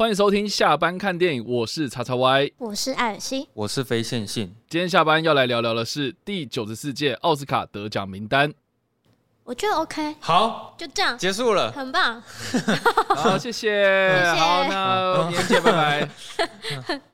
.歡迎收聽下班看電影，我是叉叉 Y，我是艾爾西，我是非線性。今天下班要來聊聊的是第九十四屆奧斯卡得獎名單。我覺得 OK。好，就這樣結束了，很棒。 好，謝謝， 好 謝謝，好，那明天見 拜拜。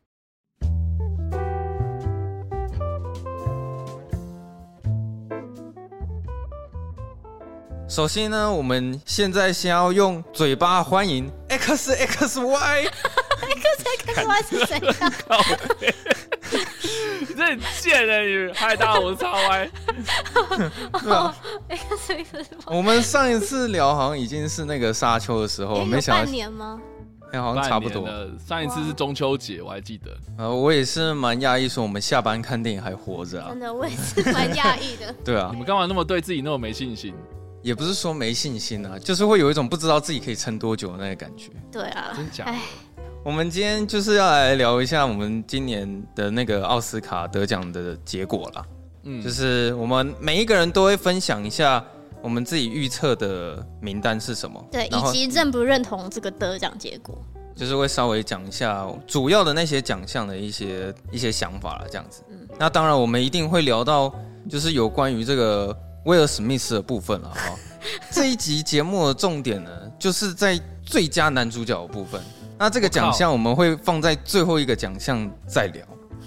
首先呢，我們現在先要用嘴巴歡迎 X X Y，X X Y 是誰誰啊？ 你這很賤耶，嗨大家好，我是 X Y，哈哈哈哈哈。我們， 啊 oh, 我們上一次聊好像已經是那個沙丘的時候，欸、沒想到半年嗎？哎、欸，好像差不多。上一次是中秋節，wow，我還記得。呃，我也是蠻訝異，說我們下班看電影還活着啊。真的，我也是蠻訝異的。 對，啊 對啊，你們幹嘛那麼對自己那麼沒信心？也不是說沒信心啊，就是會有一種不知道自己可以撐多久的那個感覺。對啊，真假？我們今天就是要來聊一下我們今年的那個奧斯卡得獎的結果啦。嗯，就是我們每一個人都會分享一下我們自己預測的名單是什麼，對，以及認不認同這個得獎結果。就是會稍微講一下主要的那些獎項的一些一些想法啦，這樣子。嗯，那當然我們一定會聊到，就是有關於這個。威爾史密斯的部分了哈、哦，這一集節目的重點呢，就是在最佳男主角的部分。那這個獎項我們會放在最後一個獎項再聊、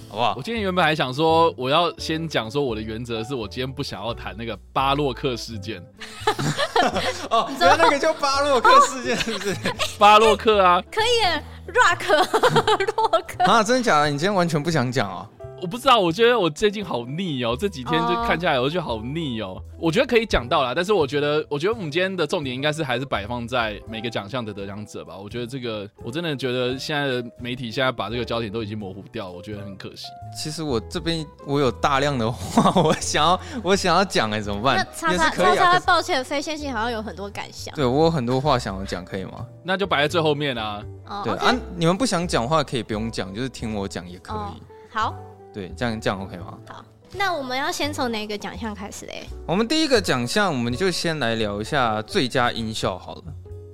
oh，好不好？我今天原本還想說，我要先講說我的原則是我今天不想要談那個巴洛克事件 哦。哦，原來那個叫巴洛克事件是不是 巴洛克啊，可以 rock 洛克啊，真的假的？你今天完全不想講啊？我不知道，我覺得我最近好膩哦、喔，這幾天就看下來，我就覺得好膩哦、喔。Oh. 我覺得可以講到啦，但是我覺得，我覺得我們今天的重點應該是還是擺放在每個獎項的得獎者吧。我覺得這個，我真的覺得現在的媒體現在把這個焦點都已經模糊掉，我覺得很可惜。其實我這邊我有大量的話，我想要我想要講哎、欸，怎麼辦？那叉叉叉叉，抱歉，飛先生好像有很多感想。對我有很多話想要講，可以嗎？那就擺在最後面啊。對啊，你們不想講話可以不用講，就是聽我講也可以。好。對，這樣這樣 OK 嗎？好，那我們要先從哪個獎項開始嘞？我們第一個獎項，我們就先來聊一下最佳音效好了。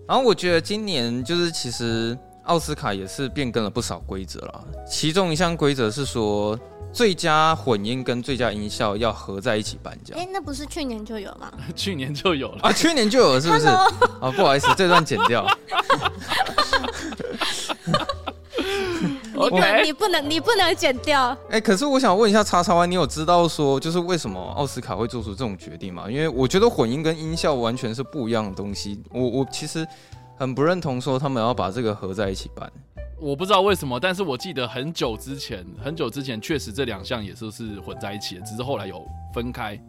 然後我覺得今年就是其實奧斯卡也是變更了不少規則啦，其中一項規則是說。最佳混音跟最佳音效要合在一起頒獎？哎、欸，那不是去年就有嗎？去年就有了啊，去年就有了， 是不是？Hello? 啊，不好意思，這段剪掉。 okay. 你不，你不能，你不能剪掉。哎、欸，可是我想問一下，XXY，你有知道說，就是為什麼奧斯卡會做出這種決定嗎？因為我覺得混音跟音效完全是不一樣的東西，我我其實很不認同說他們要把這個合在一起頒。我不知道為什麼，但是我記得很久之前，很久之前確實這兩項也都是，是混在一起的，只是後來有分開，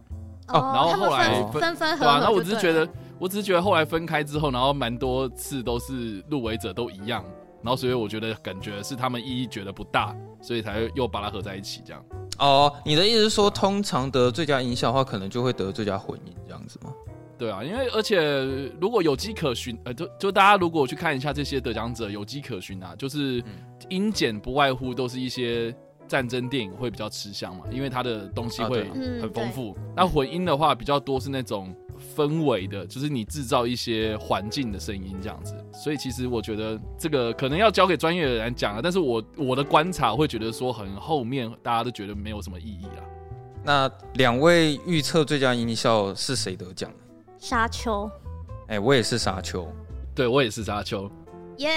哦、oh,，然後後來分、oh, 分合合，那、啊、我只是覺得，我只是覺得後來分開之後，然後蠻多次都是入圍者都一樣，然後所以我覺得感覺是他們意義覺得不大，所以才又把它合在一起這樣。哦、oh,，你的意思是說，yeah. 通常得最佳音響的話，可能就會得最佳混音這樣子嗎？對啊，因為而且如果有跡可循，呃，就就大家如果去看一下這些得獎者，有跡可循啊，就是音剪不外乎都是一些戰爭電影會比較吃香嘛，因為它的東西會很豐富。那、啊、混、啊嗯、音的話比較多是那種氛圍的，就是你製造一些環境的聲音這樣子。所以其實我覺得這個可能要交給專業的人來講了，但是我我的觀察會覺得說很後面大家都覺得沒有什麼意義啊。那兩位預測最佳音效是誰得獎的？沙丘，哎、欸，我也是沙丘，對，我也是沙丘，耶、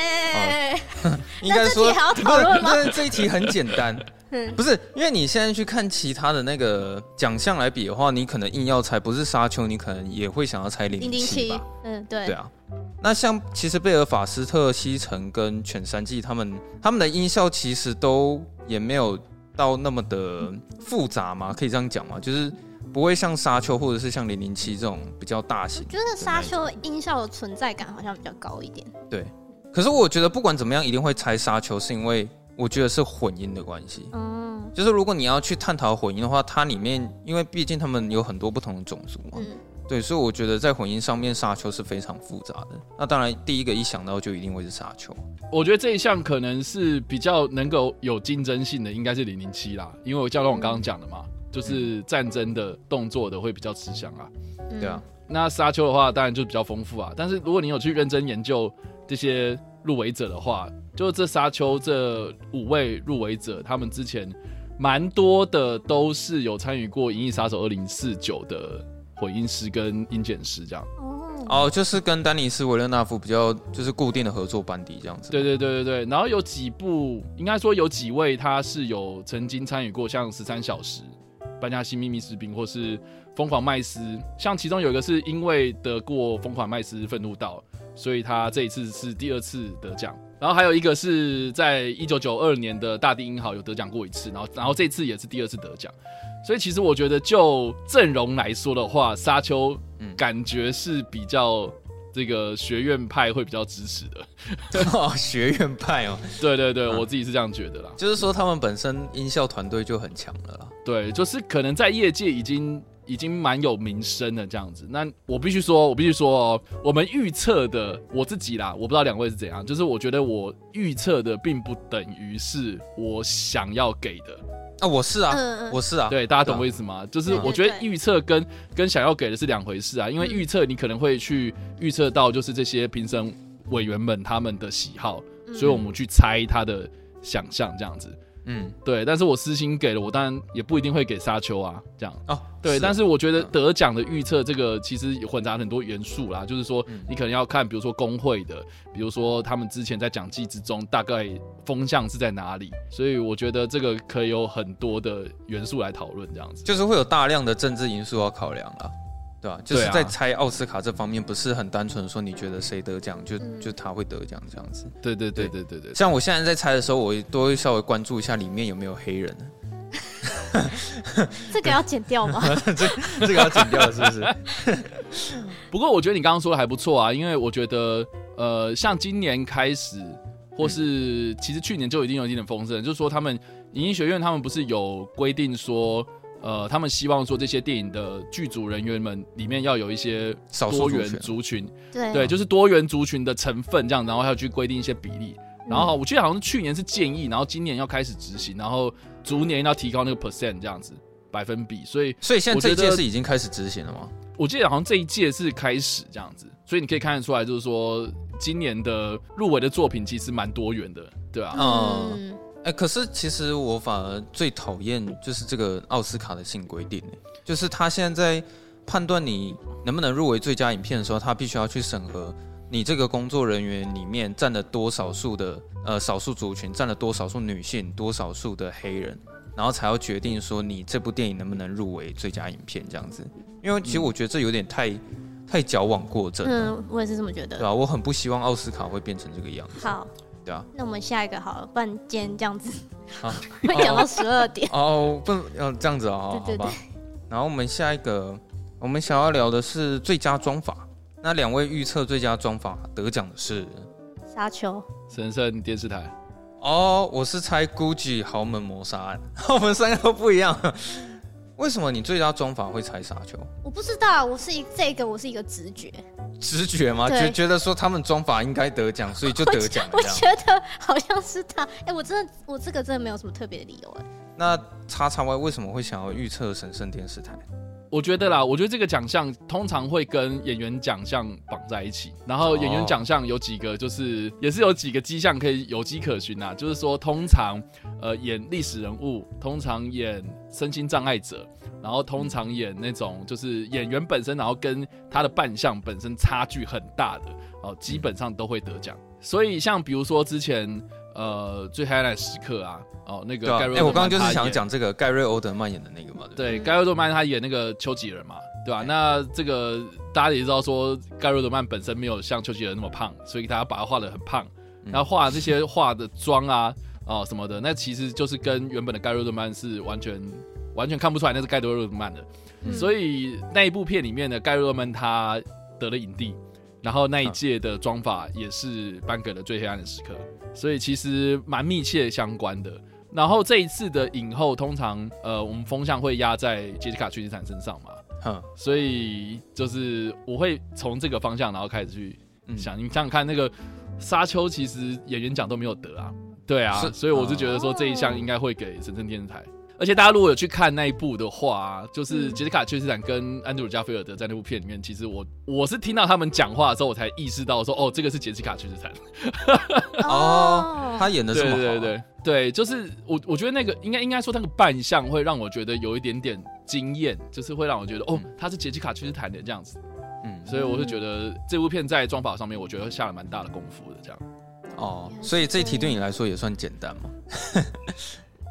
yeah!！ 應該該說 那那，那這一題很簡單， 不是？因為你現在去看其他的那個獎項來比的話，你可能硬要猜不是沙丘，你可能也會想要猜零零七，嗯，對，對啊。那像其實貝爾法斯特、西城跟犬山記，他們他們的音效其實都也沒有到那麼的複雜嘛，可以這樣講嘛，就是。不會像沙丘，或者是像零零七這種比較大型。我覺得沙丘音效的存在感好像比較高一點，對，可是我覺得不管怎麼樣，一定會猜沙丘，是因為我覺得是混音的關係。嗯，就是如果你要去探討混音的話，它裡面因為畢竟他們有很多不同的種族嘛。對，所以我覺得在混音上面，沙丘是非常複雜的。那當然，第一個一想到就一定會是沙丘。我覺得這一項可能是比較能夠有競爭性的，應該是零零七啦，因為我教做我剛剛講的嘛。就是戰爭的、嗯、動作的會比較吃香啊，對、嗯、啊。那沙丘的話，當然就比較豐富啊。但是如果你有去認真研究這些入圍者的話，就這沙丘這五位入圍者，他們之前蠻多的都是有參與過《銀翼殺手二零四九》的混音師跟音剪師這樣。哦，就是跟丹尼斯維勒納夫比較就是固定的合作班底這樣子。對對對對對。然後有幾部，應該說有幾位他是有曾經參與過像《十三小時》。《班加西祕密士兵》或是《瘋狂麥斯》，像其中有一個是因為得過《瘋狂麥斯》憤怒道，所以他這一次是第二次得獎。然後還有一個是在一九九二年的《大地英豪》有得獎過一次，然後然後這次也是第二次得獎。所以其實我覺得就陣容來說的話，沙丘感覺是比較這個學院派會比較支持的。嗯 哦、學院派哦， 對對對，對、嗯，我自己是這樣覺得啦。就是說他們本身音效團隊就很強了啦。對，就是可能在業界已經已經蠻有名聲的這樣子。那我必須說，我必須說，哦，我們預測的我自己啦，我不知道兩位是怎樣。就是我覺得我預測的並不等於是我想要給的啊，我是啊，呃，我是啊。對，大家懂我意思嗎？嗯，就是我覺得預測跟跟想要給的是兩回事啊。因為預測你可能會去預測到，就是這些評審委員們他們的喜好，所以我們去猜他的想象這樣子。嗯，對，但是我私心給了，我當然也不一定會給沙丘啊，這樣啊、哦，對，但是我覺得得獎的預測這個其實混雜很多元素啦，嗯、就是說你可能要看，比如說工會的、嗯，比如說他們之前在獎季之中大概風向是在哪裡，所以我覺得這個可以有很多的元素來討論這樣子，就是會有大量的政治因素要考量啊。對吧、啊？就是在猜奧斯卡這方面，啊，不是很單純說你覺得誰得獎，就就他會得獎這樣子。對對，對對對對對對。像我現在在猜的時候，我都會稍微關注一下裡面有沒有黑人。 這個要剪掉嗎？ 這這個要剪掉是不是？ 不過我覺得你剛剛說的還不錯啊，因為我覺得呃，像今年開始，或是，嗯、其實去年就已經有一點點風聲，就是說他們影藝學院，他們不是有規定說，呃，他們希望說這些電影的劇組人員們裡面要有一些多元族群，少數族群對、嗯，就是多元族群的成分這樣，然後要去規定一些比例。嗯、然後我記得好像是去年是建議，然後今年要開始執行，然後逐年要提高那個 percent 這樣子百分比。所以我，所以現在這一屆是已經開始執行了嗎？我記得好像這一屆是開始這樣子。所以你可以看得出來，就是說今年的入圍的作品其實蠻多元的，對吧、啊？嗯。哎、欸，可是其實我反而最討厭就是這個奧斯卡的新規定、欸，就是他現在在判斷你能不能入圍最佳影片的時候，他必須要去審核你這個工作人員裡面占了多少數的呃少數族群，占了多少數女性，多少數的黑人，然後才要決定說你這部電影能不能入圍最佳影片這樣子。因為其實我覺得這有點太太矯枉過正。嗯，我也是這麼覺得。對啊，我很不希望奧斯卡會變成這個樣子。好。那我們下一個好了，半間這樣子，好會講到十二點哦，半要這樣子啊， 哦 哦這樣子哦，對對對，對。然後我們下一個，我們想要聊的是最佳妝髮。那兩位預測最佳妝髮得獎的是沙丘、神聖電視台。哦，我是猜《Gucci 豪門謀殺案，》 我們三個都不一樣。 為什麼你最佳妝髮會猜沙丘？我不知道，我是一個這個，我是一個直覺，直覺嗎？覺覺得說他們妝髮應該得獎，所以就得獎。我覺得好像是他，哎、欸，我真的，我這個真的沒有什麼特別的理由、欸。哎，那 XXY 為什麼會想要預測神聖電視台？我覺得啦，我覺得這個獎項通常會跟演員獎項綁在一起，然後演員獎項有幾個，就是、哦、也是有幾個跡象可以有跡可循啦、啊。就是說，通常呃演歷史人物，通常演身心障礙者，然後通常演那種就是演員本身，然後跟他的扮相本身差距很大的哦，然後基本上都會得獎、嗯。所以像比如說之前。呃，最黑暗的時刻啊，哦，那個瑞瑞、啊欸，我剛剛就是想講這個蓋瑞·歐德曼演的那個嘛，對，蓋、嗯、瑞·歐德曼他演那個丘吉爾嘛，對吧、啊？那這個大家也知道說，說蓋瑞·歐德曼本身沒有像丘吉爾那麼胖，所以大家把他畫的很胖，嗯、然後畫這些畫的妝啊，哦、 呃、什麼的，那其實就是跟原本的蓋瑞·歐德曼是完全完全看不出來那是蓋瑞·歐德曼的、嗯，所以那一部片裡面的蓋瑞·歐德曼他得了影帝。然後那一屆的妝髮也是頒給了最黑暗的時刻，所以其實蠻密切相關的。然後這一次的影後，通常呃我們風向會壓在傑西卡·崔斯坦身上嘛，嗯，所以就是我會從這個方向然後開始去想，你想想看，那個沙丘其實演員獎都沒有得啊，對啊，所以我是覺得說這一項應該會給神聖電視台。而且大家如果有去看那一部的話，嗯、就是傑西卡·崔斯坦跟安德魯·加菲爾德在那部片裡面，其實我我是聽到他們講話的時候，我才意識到說哦，這個是傑西卡·崔斯坦。 哦，他演的這麼好啊？對對對對，就是我我覺得那個應該應該說那個扮相會讓我覺得有一點點驚艷，就是會讓我覺得哦，他是傑西卡·崔斯坦的這樣子。嗯，所以我是覺得、嗯、這部片在妝髮上面，我覺得會下了蠻大的功夫的這樣。哦，所以這一題對你來說也算簡單嘛。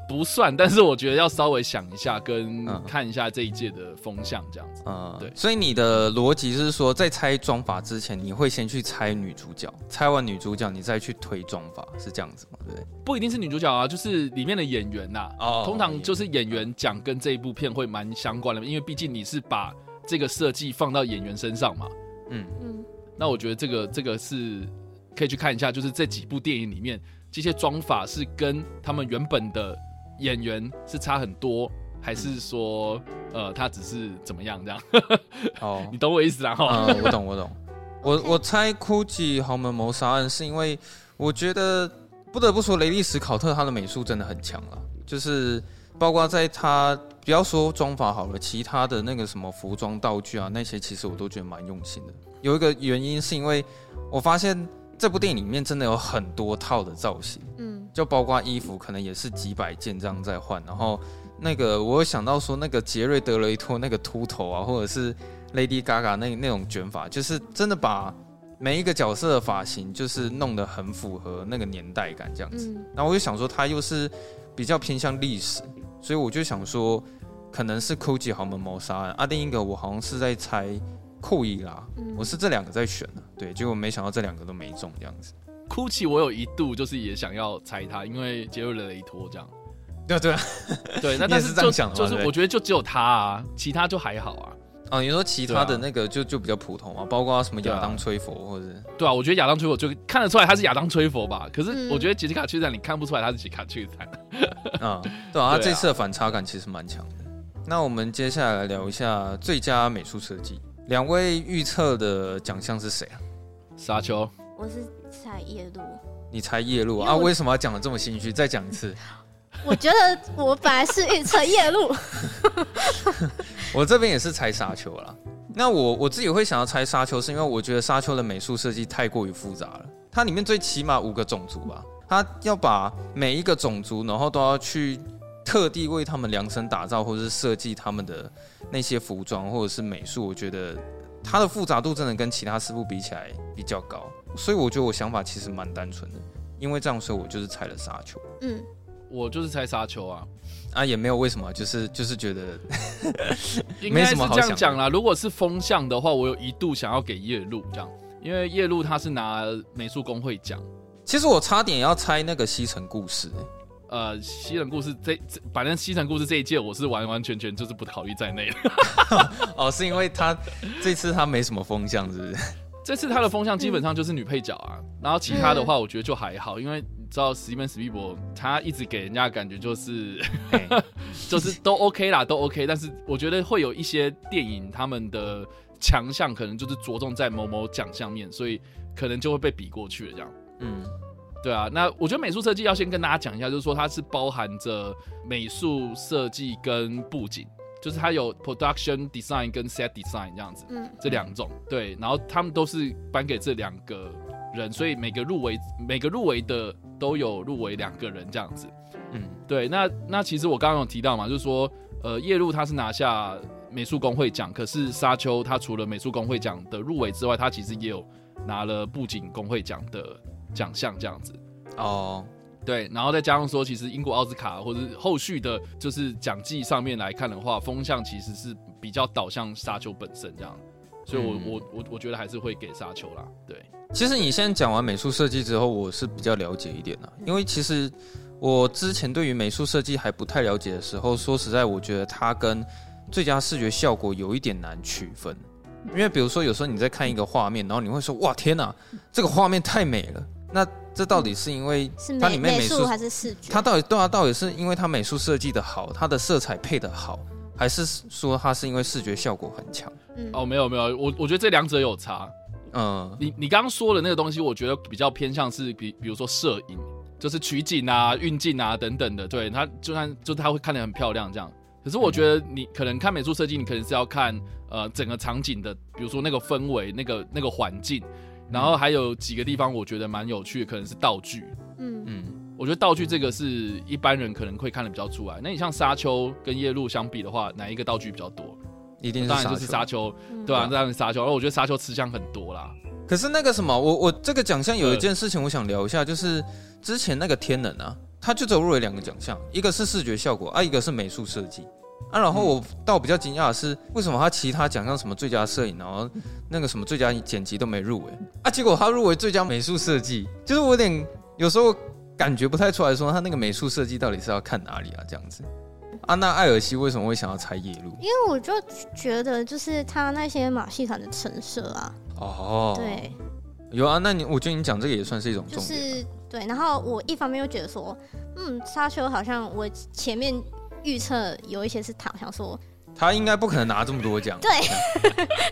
不算，但是我覺得要稍微想一下，跟看一下這一屆的風向這樣子。嗯嗯、對。所以你的邏輯是說，在猜妝法之前，你會先去猜女主角，猜完女主角，你再去推妝法，是這樣子嗎？對，不對，不一定是女主角啊，就是裡面的演員吶、啊哦。通常就是演員講跟這一部片會蠻相關的，嗯、因為畢竟你是把這個設計放到演員身上嘛。嗯嗯。那我覺得這個這個是可以去看一下，就是這幾部電影裡面這些妝法是跟他們原本的、嗯。演員是差很多，還是說、嗯，呃，他只是怎麼樣這樣？哦、 oh,，你懂我意思啊、呃？我懂，我懂。 我我猜《Gucci 豪門謀殺案》是因為我覺得不得不說，雷利·史考特他的美術真的很強了，就是包括在他不要說妝髮好了，其他的那個什麼服裝道具啊那些，其實我都覺得蠻用心的。有一個原因是因為我發現這部電影裡面真的有很多套的造型。嗯就包括衣服，可能也是幾百件這樣在換。然後那個，我有想到說那個傑瑞德雷托那個禿頭啊，或者是 Lady Gaga 那那種捲髮，就是真的把每一個角色的髮型就是弄得很符合那個年代感這樣子。那、嗯、我就想說他又是比較偏向歷史，所以我就想說可能是好像沒《科吉豪門謀殺案》。啊另一個我好像是在猜《庫伊拉》，我是這兩個在選的，對，結果沒想到這兩個都沒中這樣子。哭泣，我有一度就是也想要猜他，因為傑瑞德雷托，這樣，對、啊、對、啊、對，那但是就 是的話就是我覺得就只有他啊，其他就還好啊。啊，你說其他的那個就、啊、就比較普通啊，包括什麼亞當崔佛或者對、啊、對啊，我覺得亞當崔佛就看得出來他是亞當崔佛吧，可是我覺得潔西卡屈坦你看不出來他是潔西卡屈坦啊，對啊，他這次的反差感其實蠻強的。那我們接下來，來聊一下最佳美術設計，兩位預測的獎項是誰啊？沙丘，我是。猜夜路？你猜夜路啊？為，啊，為什麼要講得這麼心虛？再講一次。我覺得我本來是預測夜路。 我這邊也是猜沙丘啦。那我我自己會想要猜沙丘，是因為我覺得沙丘的美術設計太過於複雜了。它裡面最起碼五個種族吧，它要把每一個種族，然後都要去特地為他們量身打造，或者是設計他們的那些服裝或者是美術。我覺得。它的複雜度真的跟其他師傅比起來比較高，所以我覺得我想法其實蠻單純的，因為這樣說我就是猜了沙丘，嗯，我就是猜沙丘啊，啊也沒有為什麼，就是就是覺得 沒什麼好講了。如果是風向的話，我有一度想要給夜路這樣，因為夜路他是拿美術工會獎，其實我差點要猜那個西城故事，欸。呃，西城故事這這反正西城故事這一屆我是完完全全就是不考慮在內的。 哦，是因為他 這次他沒什麼風向，是不是？這次他的風向基本上就是女配角啊，嗯、然後其他的話我覺得就還好，欸、因為你知道 Steven Spielberg 他一直給人家的感覺就是、欸、 就是都 OK 啦， 都 OK。但是我覺得會有一些電影他們的強項可能就是着重在某某獎項面，所以可能就會被比過去了這樣。嗯。對啊，那我覺得美術設計要先跟大家講一下，就是說它是包含着美術設計跟布景，就是它有 production design 跟 set design 這樣子，嗯，這兩種，對，然後他們都是頒給這兩個人，所以每個入圍每個入圍的都有入圍兩個人這樣子，嗯，對，那那其實我剛剛有提到嘛，就是說呃夜路他是拿下美術工會獎，可是沙丘他除了美術工會獎的入圍之外，他其實也有拿了布景工會獎的。獎項這樣子哦，oh. 對，然後再加上說，其實英國奧斯卡或者後續的，就是獎季上面來看的話，風向其實是比較導向沙丘本身這樣，所以我、嗯、我我我覺得還是會給沙丘啦。對，其實你現在講完美術設計之後，我是比較了解一點的，啊，因為其實我之前對於美術設計還不太了解的時候，說實在，我覺得它跟最佳視覺效果有一點難區分，因為比如說有時候你在看一個畫面，然後你會說哇天吶，啊，這個畫面太美了。那這到底是因為它裡面美術還是視覺？它到底對它到底是因為它美術設計的好，它的色彩配的好，還是說它是因為視覺效果很強？嗯，哦，沒有沒有，我我覺得這兩者有差。嗯，你你剛剛說的那個東西，我覺得比較偏向是比比如說攝影，就是取景啊、運鏡啊等等的，對它就算就是它會看得很漂亮這樣。可是我覺得你可能看美術設計，你可能是要看呃整個場景的，比如說那個氛圍、那個那個環境。然後還有幾個地方，我覺得蠻有趣的，可能是道具。嗯嗯，我覺得道具這個是一般人可能會看得比較出來。那你像沙丘跟夜路相比的話，哪一個道具比較多？一定是沙丘，對吧？當然是沙丘。而、嗯啊、我覺得沙丘吃香很多啦。可是那個什麼，我我這個獎項有一件事情我想聊一下，就是之前那個天能啊，他就入圍了兩個獎項，一個是視覺效果，啊一個是美術設計。啊，然後我倒比較驚訝的是，為什麼他其他獎項什麼最佳攝影，然後那個什麼最佳剪輯都沒入圍啊？結果他入圍最佳美術設計，就是我有點有時候感覺不太出來，說他那個美術設計到底是要看哪裡啊？這樣子，啊，那艾爾西為什麼會想要拆夜路？因為我就覺得，就是他那些馬戲團的陳設啊，哦，對，有啊。那你我覺得你講這個也算是一種重點，啊、就是對。然後我一方面又覺得說，嗯，沙丘好像我前面。預測有一些是他想說，他應該不可能拿這麼多獎。 對，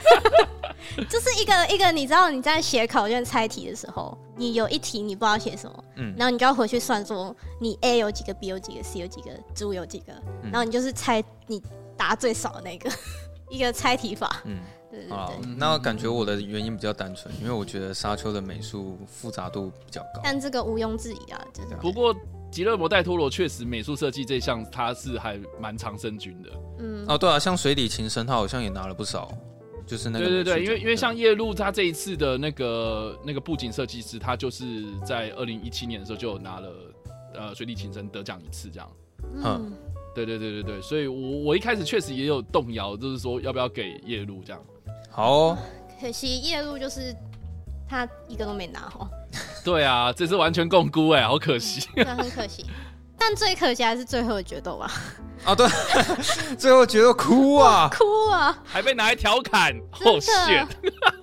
就是一個一個，你知道你在寫考卷猜題的時候，你有一題你不知道寫什麼，嗯，然後你就要回去算說，你 A 有幾個，B 有幾個，C 有幾個，豬有幾個，然後你就是猜、嗯、你答最少的那個，一個猜題法。嗯，啊，那感覺我的原因比較單純、嗯，因為我覺得沙丘的美術複雜度比較高，但這個毋庸置疑啊，就是、這樣不過。吉勒摩·戴托羅確實，美術設計這項他是還蠻常勝軍的，嗯。嗯哦，對啊，像《水底情深》，他好像也拿了不少，就是那個。對對對，因為因為像夜路，他這一次的那個那個布景設計師，他就是在二零一七年的時候就有拿了呃《水底情深》得獎一次，這樣。嗯，對對對對對，所以我我一開始確實也有動搖，就是說要不要給夜路這樣。好、哦，可惜夜路就是他一個都沒拿哦。 對啊，這是完全摃龜哎，好可惜，很、嗯嗯嗯嗯、 可惜，但最可惜還是最後的決鬥吧。啊對啊，最後決鬥哭啊， 哭啊，還被拿來調侃， 哦天，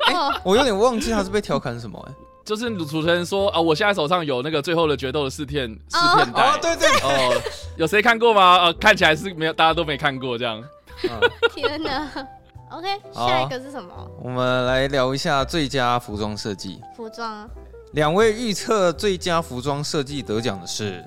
欸、 我有點忘記他是被調侃什麼哎， 就是主持人說啊，我現在手上有那個最後的決鬥的試片、哦、試片帶，哦對對對，對，哦，有誰看過嗎？啊、呃，看起來是沒有，大家都沒看過這樣。啊、 天哪、啊、，OK，、啊、下一個是什麼？我們來聊一下最佳服裝設計，服裝。兩位預測最佳服裝設計得獎的是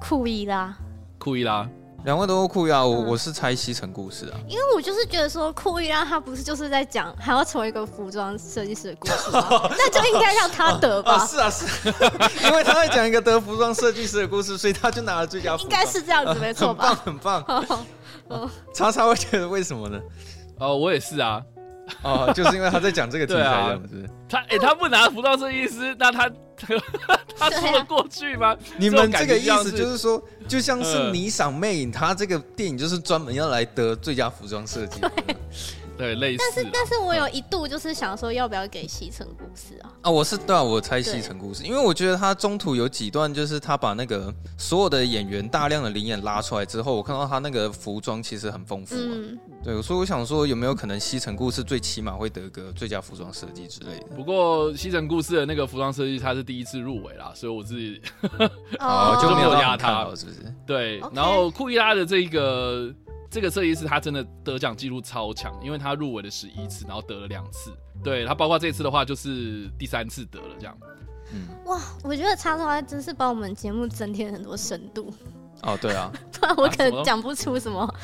庫伊拉，庫伊拉。兩位都是庫伊拉，嗯、我我是猜西城故事的、啊，因為我就是覺得說庫伊拉他不是就是在講還要成為一個服裝設計師的故事、哦、那就應該讓他得吧。哦哦、是啊，是啊，是啊、 因為他在講一個得服裝設計師的故事，所以他就拿了最佳服裝，應該是這樣子沒錯吧、啊？很棒，很棒。哦哦啊、查,查會覺得為什麼呢？哦，我也是啊。 哦，就是因為他在講這個題材的，不是？他誒、欸，他不拿服裝設計師，那他呵呵他說得過去嗎、啊？ 你們這個意思就是說，就像是《霓裳魅影》，他這個電影就是專門要來得最佳服裝設計。 對 對，類似。但是，但是我有一度就是想說，要不要給西城故事啊，嗯？啊，我是對啊，我猜西城故事，因為我覺得他中途有幾段，就是他把那個所有的演員大量的臨演拉出來之後，我看到他那個服裝其實很豐富，啊，嗯，對，所以我想說，有沒有可能西城故事最起碼會得個最佳服裝設計之類的？不過西城故事的那個服裝設計他是第一次入圍啦，所以我自己、 oh. 就沒有壓他、喔，是不是？對，然後庫伊拉的這個。Okay. 這個設計師他真的得獎記錄超強，因為他入圍了十一次，然後得了兩次。對，他包括這次的話，就是第三次得了這樣。嗯，哇，我覺得 XXY 真是把我們節目增添很多深度。哦，對啊， 不然我可能講、啊、不出什麼、什麼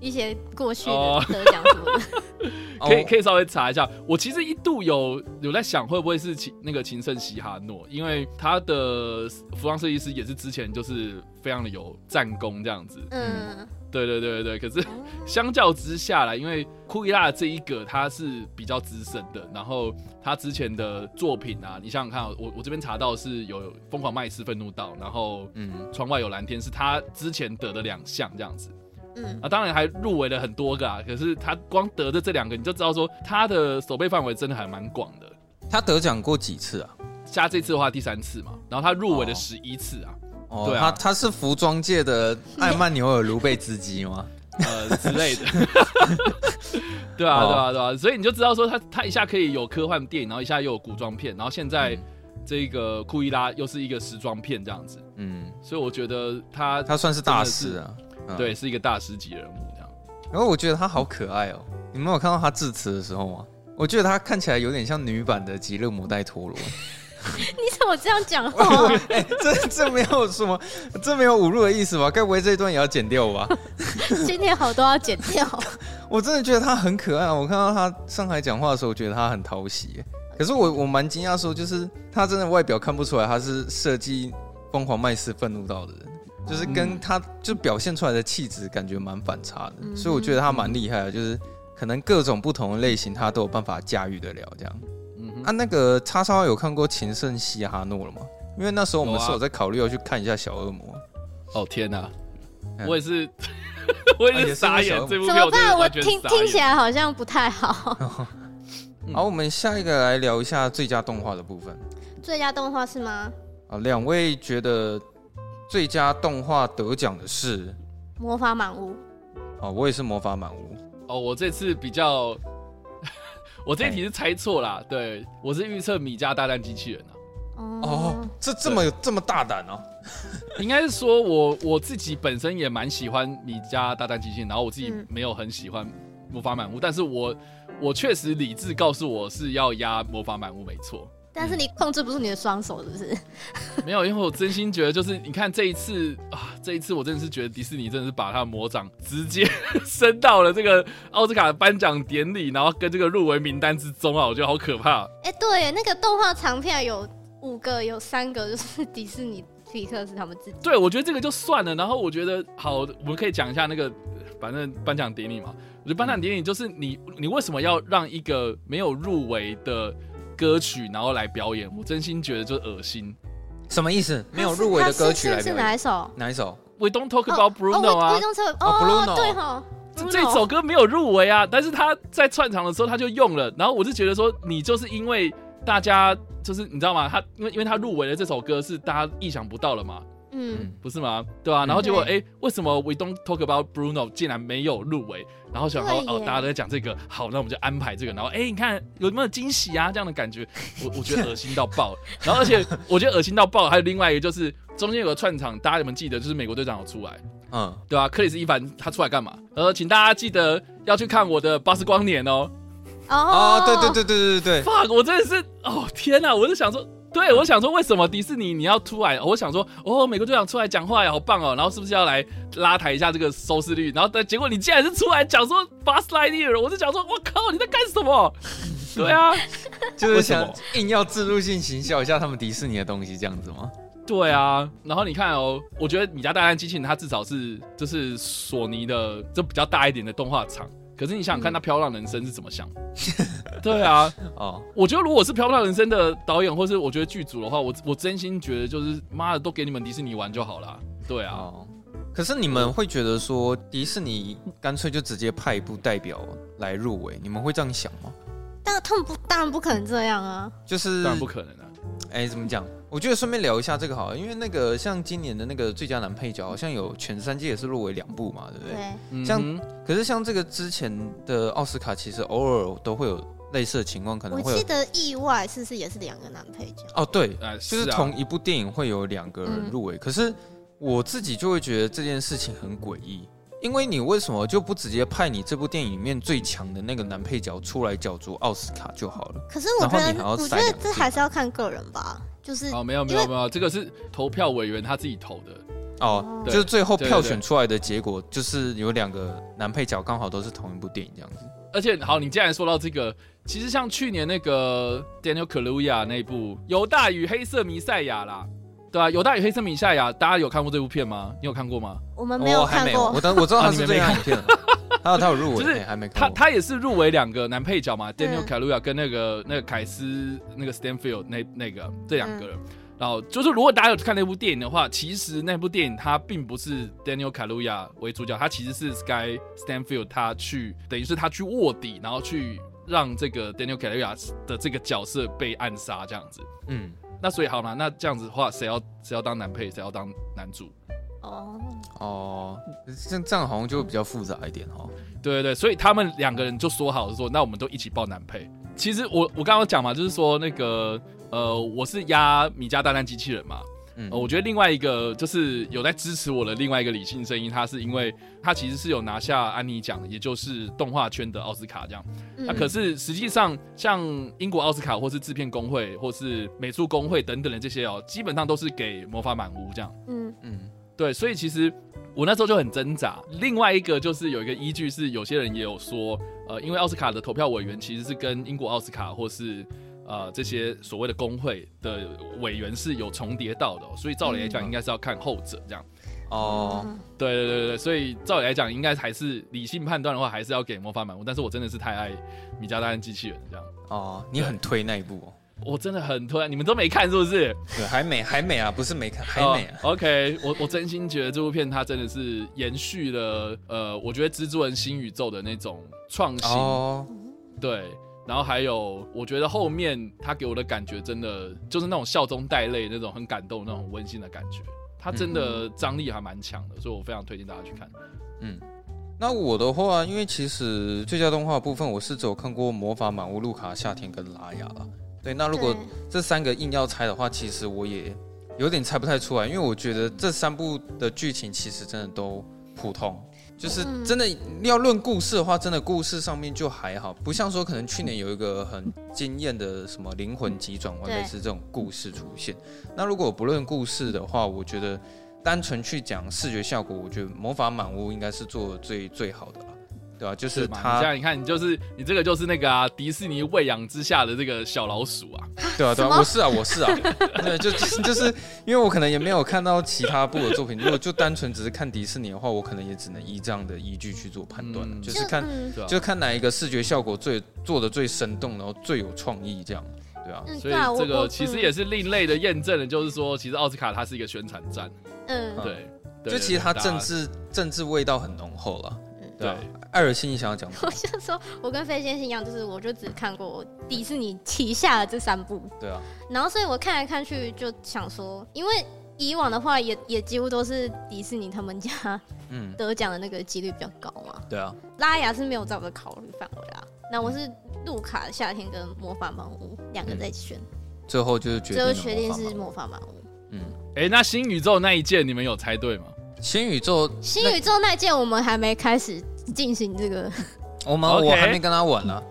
一些過去的得獎、哦、什麼的。 可以可以稍微查一下，我其實一度有有在想會不會是那個情聖西哈諾，因為他的服裝設計師也是之前就是非常的有戰功這樣子。嗯。嗯對對對對，可是相較之下來，因為庫伊拉的這一個他是比較資深的，然後他之前的作品啊，你想想看我，我我這邊查到是有《瘋狂麥斯》《憤怒道》，然後《窗外有藍天》是他之前得的兩項這樣子。嗯，啊當然還入圍了很多個，啊，可是他光得的這兩個，你就知道說他的守備範圍真的還蠻廣的。他得獎過幾次啊？下這次的話第三次嘛，然後他入圍了十一次啊。哦哦，對啊，他他是服裝界的愛曼紐爾·盧貝茲基嗎？ 呃，之類的 對，啊哦。對啊，對啊，對啊，所以你就知道說他他一下可以有科幻電影，然後一下又有古裝片，然後現在這個庫伊拉又是一個時裝片這樣子。嗯，所以我覺得他他算是大師啊，嗯、對，是一個大師級人物這樣。然、哦、後我覺得他好可愛哦，嗯、你沒有看到他致辭的時候嗎？我覺得他看起來有點像女版的吉勒摩·戴托羅。 你怎麼這樣講話？哎、欸，這這沒有什麼，這沒有侮辱的意思吧？該不會這一段也要剪掉吧？ 今天好多要剪掉 我真的覺得他很可愛啊！我看到他上台講話的時候，我覺得他很討喜。可是我我蠻驚訝，說就是他真的外表看不出來，他是設計瘋狂麥斯憤怒道的人，就是跟他就表現出來的氣質感覺蠻反差的。所以我覺得他蠻厲害的，就是可能各種不同的類型，他都有辦法駕馭得了這樣。啊，那個 XXY 有看過《情聖西哈諾》了嗎？因為那時候我們是有在考慮要去看一下《小惡魔》哦啊。哦天哪、啊嗯，我也是，啊、 我也是傻眼。啊、傻眼這部怎麼辦？我，我聽聽起來好像不太好、哦嗯。好，我們下一個來聊一下最佳動畫的部分。最佳動畫是嗎？啊，兩位覺得最佳動畫得獎的是《魔法滿屋》啊。哦，我也是《魔法滿屋》。哦，我這次比較。我這一題是猜錯了。欸，對我是預測米家大戰機器人。啊，哦，這這麼有這麼大膽哦？啊， 應該是說我我自己本身也蠻喜歡米家大戰機器人，然後我自己沒有很喜歡魔法滿屋。嗯，但是我我確實理智告訴我是要壓魔法滿屋沒錯。但是你控制不住你的雙手，是不是？ 沒有，因為我真心覺得，就是你看這一次啊，這一次我真的是覺得迪士尼真的是把他的魔掌直接伸 到了這個奧斯卡的頒獎典禮，然後跟這個入圍名單之中啊，我覺得好可怕。哎，對，那個動畫長片有五個，有三個就是迪士尼皮克斯他們自己。對，我覺得這個就算了。然後我覺得好，我們可以講一下那個，反正頒獎典禮嘛。我覺得頒獎典禮就是你，嗯、你為什麼要讓一個沒有入圍的？歌曲，然後來表演，我真心覺得就是噁心。什麼意思？沒有入圍的歌曲來表演、啊是是是？是哪一首？哪一首？We don't talk about Bruno 啊 w b Bruno，對哈，這首歌沒有入圍啊，但是他在串場的時候他就用了，然後我就覺得說，你就是因為大家就是你知道嗎？他因為因為他入圍的這首歌是大家意想不到的嘛。嗯，不是嗎？對吧、啊？然後結果，哎、欸，為什麼 We don't talk about Bruno 竟然沒有入圍？然後想說，哦、呃，大家都在講這個，好，那我們就安排這個。然後，哎、欸，你看有沒有驚喜啊？這樣的感覺，我我覺得噁心到爆。 然後，而且我覺得噁心到爆。還有另外一個就是中間有個串場，大家有沒有記得？就是美國隊長有出來，嗯，對吧、啊？克里斯伊凡他出來幹嘛？呃，請大家記得要去看我的巴斯光年哦、喔。哦、oh,，對對對對對對對,對，Fuck, 我真的是，哦天吶、啊，我就想說。對，我想說為什麼迪士尼你要出來？哦、我想說哦，美國隊長出來講話呀，好棒哦！然後是不是要來拉抬一下這個收視率？然後但結果你竟然是出來講說《巴斯光年》，我就講說我靠，你在幹什麼？對啊， 就是想硬要置入性行銷一下他們迪士尼的東西這樣子嗎？對啊，然後你看哦，我覺得蜜家大戰機器人它至少是就是索尼的，就比較大一點的動畫廠。可是你想想看，他《飄浪人生》是怎麼想？ 對啊，啊、哦，我覺得如果是《飄浪人生》的導演，或是我覺得劇組的話，我我真心覺得就是媽的，都給你們迪士尼玩就好了。對啊，哦，可是你們會覺得說迪士尼乾脆就直接派一部代表來入圍，你們會這樣想嗎？但他們不，當然不可能這樣啊，就是當然不可能啊。哎、欸，怎麼講？我覺得順便聊一下這個好了，因為那個像今年的那個最佳男配角，好像有全三屆也是入圍兩部嘛，對不對？對。像，嗯，可是像這個之前的奧斯卡，其實偶爾都會有類似的情況，可能會有。我記得意外是不是也是兩個男配角？哦，對，呃，就是同一部電影會有兩個人入圍。啊。可是我自己就會覺得這件事情很詭異，因為你為什麼就不直接派你這部電影裡面最強的那個男配角出來角逐奧斯卡就好了？可是我，然後你還要。我覺得這還是要看個人吧。就是哦，沒有沒有沒有，這個是投票委員他自己投的哦，就是最後票選出來的結果，對對對就是有兩個男配角剛好都是同一部電影這樣子。而且好，你既然說到這個，其實像去年那個 Daniel Kaluuya 那一部《猶大與黑色彌賽亞》啦。對啊，有猶大與黑色彌賽亞呀，大家有看過這部片嗎？你有看過嗎？我們沒有看過。我我我知道他是這樣片，他有他有入圍，就是他他也是入圍兩個男配角嘛，Daniel Kaluuya、嗯、跟那個那個凱斯那個 Stanfield 那那個這兩個人、嗯。然後就是如果大家有去看那部電影的話，其實那部電影它並不是 Daniel Kaluuya 為主角，他其實是 Sky Stanfield 他去等於是他去臥底，然後去讓這個 Daniel Kaluuya 的這個角色被暗殺這樣子。嗯。那所以好嘛，那這樣子的話，誰，誰要誰要當男配，誰要當男主？哦哦，像這樣好像就會比較複雜一點哈、哦。對對，對所以他們兩個人就說好說，說那我們都一起報男配。其實我我剛剛講嘛，就是說那個呃，我是押米家大戰機器人嘛。嗯、呃，我覺得另外一個就是有在支持我的另外一個理性聲音，他是因為他其實是有拿下安妮獎，也就是動畫圈的奧斯卡這樣。那、嗯啊、可是實際上像英國奧斯卡或是制片工會或是美術工會等等的這些哦，基本上都是給魔法滿屋這樣。嗯嗯，對，所以其實我那時候就很掙扎。另外一個就是有一個依據是，有些人也有說，呃，因為奧斯卡的投票委員其實是跟英國奧斯卡或是。啊、呃，這些所謂的工會的委員是有重疊到的，哦，所以照理來講，應該是要看後者這樣。嗯啊、這樣哦，對對對對，所以照理來講，應該還是理性判斷的話，還是要給魔法滿屋。但是我真的是太愛米家大戰機器人這樣。哦，你很推那一部哦？哦，我真的很推，你們都沒看是不是？對，還沒還沒啊？不是沒看，還沒、啊哦。OK，我我真心覺得這部片它真的是延續了呃，我覺得蜘蛛人新宇宙的那種創新。哦，對。然後還有，我覺得後面他給我的感覺真的就是那種笑中帶淚，那種很感動、那種溫馨的感覺。他真的張力還蠻強的，所以我非常推薦大家去看。嗯，那我的話，因為其實最佳動畫部分，我是只有看過《魔法滿屋》、《路卡夏天》跟《拉雅》啦。對，那如果這三個硬要猜的話，其實我也有點猜不太出來，因為我覺得這三部的劇情其實真的都普通。就是真的要論故事的話，真的故事上面就還好，不像說可能去年有一個很驚艷的什麼靈魂急轉彎類似這種故事出現。那如果我不論故事的話，我覺得單純去講視覺效果，我覺得魔法滿屋應該是做得最最好的了。對啊，就是他是你這樣。你看，你就是你這個就是那個啊，迪士尼餵養之下的這個小老鼠啊。對啊，對啊，我是啊，我是啊。 對，就就是因為我可能也沒有看到其他部的作品。 如果就單純只是看迪士尼的話，我可能也只能依這樣的依據去做判斷，嗯，就是看就，嗯，就看哪一個視覺效果最做的最生動，然後最有創意這樣對、啊嗯。對啊，所以這個其實也是另類的驗證的就是說其實奧斯卡它是一個宣傳戰。嗯，對。嗯，對對，就其實它政治政治味道很濃厚了，啊。對。艾爾星你想要講？我就說，我跟飛仙生一樣，就是我就只看過迪士尼旗下的這三部。對啊。然後，所以我看來看去，就想說，因為以往的話也，也也幾乎都是迪士尼他們家，嗯，得獎的那個幾率比較高嘛。對啊。拉雅是沒有在我的考慮範圍啦。那我是路卡夏天跟魔法滿屋兩個在一起選。最後就是決定。最後決定是魔法滿屋。嗯。哎，那新宇宙那一屆，你們有猜對嗎？新宇宙。新宇宙那屆，我們還沒開始。進行這個，我、oh、們、okay. 我還沒跟他吻呢、啊。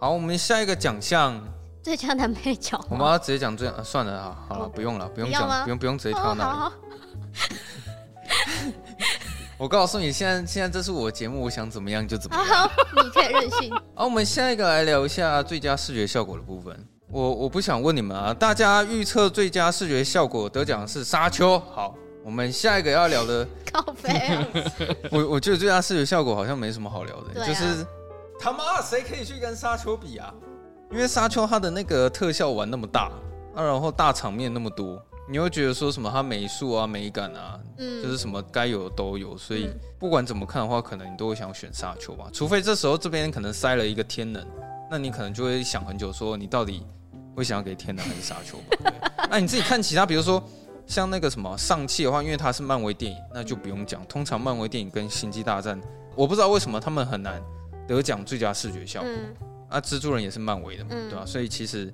好，我們下一個獎項最佳男配角，oh. 我們要直接講最、啊，算了啊，好了、oh.，不用了，不用講，不用不用直接跳那、oh, 我告訴你，現在現在這是我節目，我想怎麼樣就怎麼樣。好好你可以任性。 好，我們下一個來聊一下最佳視覺效果的部分。我我不想問你們啊，大家預測最佳視覺效果得獎是《沙丘》。好。我們下一個要聊的， 我我覺得最佳視覺效果好像沒什麼好聊的，就是他媽誰可以去跟沙丘比啊？因為沙丘它的那個特效玩那麼大，啊，然後大場面那麼多，你又覺得說什麼它美術啊、美感啊，就是什麼該有的都有，所以不管怎麼看的話，可能你都會想選沙丘吧。除非這時候這邊可能塞了一個天能，那你可能就會想很久，說你到底會想要給天能還是沙丘吧？那、 啊、你自己看其他，比如說。像那個什麼上氣的話，因為它是漫威電影，那就不用講。通常漫威電影跟星際大戰，我不知道為什麼他們很難得獎最佳視覺效果、嗯。啊，蜘蛛人也是漫威的嘛、嗯，對吧、啊？所以其實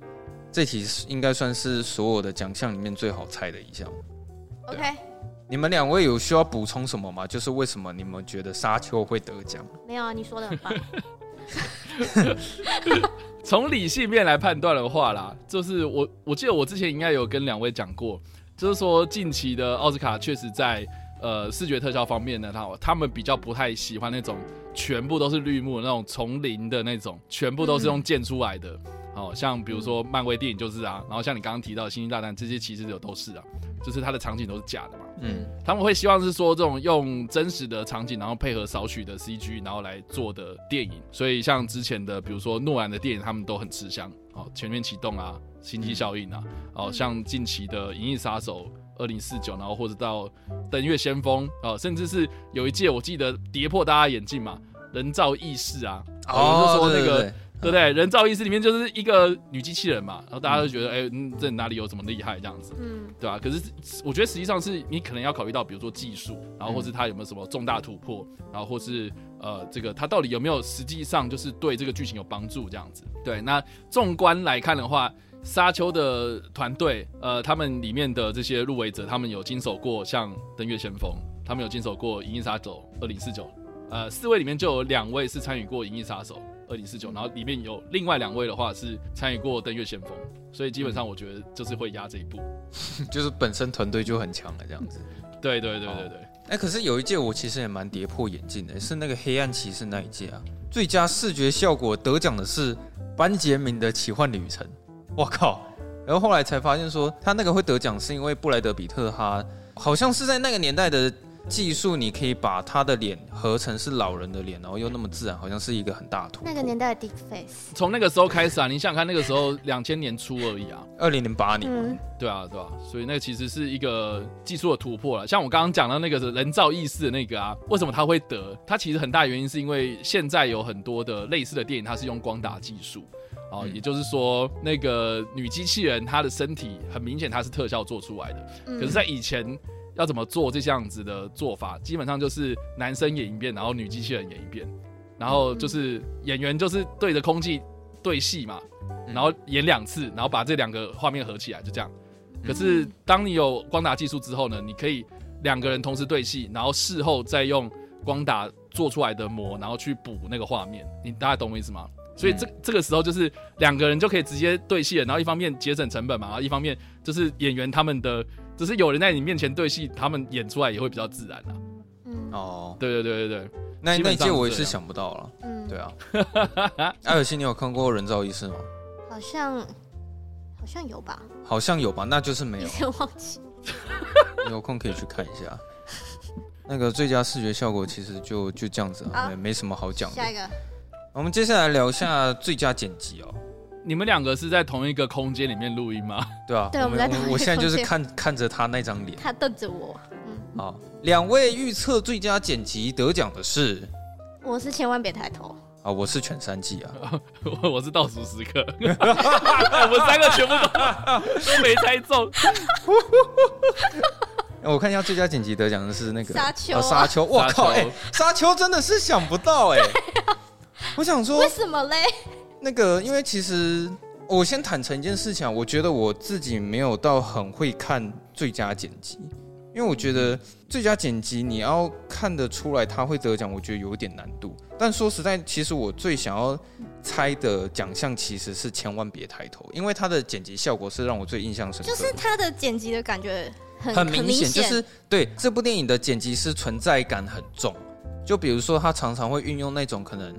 這題應該算是所有的獎項裡面最好猜的一項、嗯。OK，你們兩位有需要補充什麼嗎？就是為什麼你們覺得沙丘會得獎、嗯？沒有啊，你說的很棒。從理性面來判斷的話啦，就是我我記得我之前應該有跟兩位講過。就是說，近期的奧斯卡確實在呃視覺特效方面呢，他他們比較不太喜歡那種全部都是綠幕、那種叢林的那種，全部都是用建出來的、嗯。哦，像比如說漫威電影就是啊，然後像你剛剛提到的《星星大戰》這些其實有都是啊，就是它的場景都是假的嘛。嗯，他們會希望是說這種用真實的場景，然後配合少許的 CG，然後來做的電影。所以像之前的比如說諾蘭的電影，他們都很吃香。哦，全面啟動啊。嗯星際效應啊、嗯，哦，像近期的《銀翼殺手》二零四九，然後或者到《登月先鋒》呃，哦，甚至是有一屆我記得跌破大家眼鏡嘛，《人造意識》啊，哦，哦就是說那個對不對，對，對，對，對，對，對，對、啊？人造意識裡面就是一個女機器人嘛，然後大家就覺得，哎、嗯欸，這哪裡有什麼厲害這樣子，嗯，對吧、啊？可是我覺得實際上是你可能要考慮到，比如說技術，然後或者它有沒有什麼重大突破，嗯、然後或是呃，這個它到底有沒有實際上就是對這個劇情有幫助這樣子？對，那縱觀來看的話。沙丘的團隊，呃，他們裡面的這些入圍者，他們有經手過像《登月先鋒》，他們有經手過《銀翼殺手二零四九》。呃，四位裡面就有兩位是參與過《銀翼殺手二零四九》，然後裡面有另外兩位的話是參與過《登月先鋒》。所以基本上我覺得就是會壓這一步， 就是本身團隊就很強了這樣子。 對對對對對、對、哦。哎、欸，可是有一屆我其實也蠻跌破眼鏡的，是那個《黑暗騎士》那一屆啊，最佳視覺效果得獎的是《班傑明的奇幻旅程》。我靠！然後後來才發現說，他那個會得獎是因為布萊德彼特哈，好像是在那個年代的技術，你可以把他的臉合成是老人的臉，然後又那麼自然，好像是一個很大突破。那個年代的 DeepFace，從那個時候開始啊，你想想看，那個時候兩千年初而已啊，二零零八年、嗯，對啊，對啊，所以那個其實是一個技術的突破了。像我剛剛講到那個人造意識的那個啊，為什麼他會得？他其實很大的原因是因為現在有很多的類似的電影，它是用光打技術。哦，也就是說，那個女機器人她的身體很明顯，她是特效做出來的。可是，在以前要怎麼做這樣子的做法，基本上就是男生演一遍，然後女機器人演一遍，然後就是演員就是對着空氣對戲嘛，然後演兩次，然後把這兩個畫面合起來，就這樣。可是，當你有光達技術之後呢，你可以兩個人同時對戲，然後事後再用光達做出來的模，然後去補那個畫面。你大家懂我意思嗎？所以這、嗯、這個時候就是兩個人就可以直接對戲了，然後一方面節省成本嘛，然後一方面就是演員他們的，就是有人在你面前對戲，他們演出來也會比較自然哦、啊嗯，對對對對對，那那一屆我也是想不到了。嗯，對啊。艾 爾西，你有看過《人造意識》嗎？好像，好像有吧？好像有吧？那就是沒有，忘記。你有空可以去看一下。 那個最佳視覺效果其實就就這樣子啊，沒沒什麼好講的。下一個。我們接下來聊一下最佳剪輯哦、喔。你們兩個是在同一個空間裡面錄音嗎？對啊，對，我們，我們在錄音，我現在就是看看着他那張臉，他瞪着我。嗯，好，兩位預測最佳剪輯得獎的是，我是千萬別抬頭啊，我是犬山記啊，我我是倒數時刻， 我們三個全部都沒猜中。 我看一下最佳剪輯得獎的是那個沙丘、啊啊、沙、丘沙丘，沙丘，我、欸、靠，沙丘真的是想不到哎、欸。我想說為什麼嘞？那個，因為其實我先坦誠一件事情啊，我覺得我自己沒有到很會看最佳剪輯，因為我覺得最佳剪輯你要看得出來他會得獎，我覺得有點難度。但說實在，其實我最想要猜的獎項其實是千萬別抬頭，因為他的剪輯效果是讓我最印象深刻。就是他的剪輯的感覺很明顯，就是對這部電影的剪輯師存在感很重。就比如說，他常常會運用那種可能。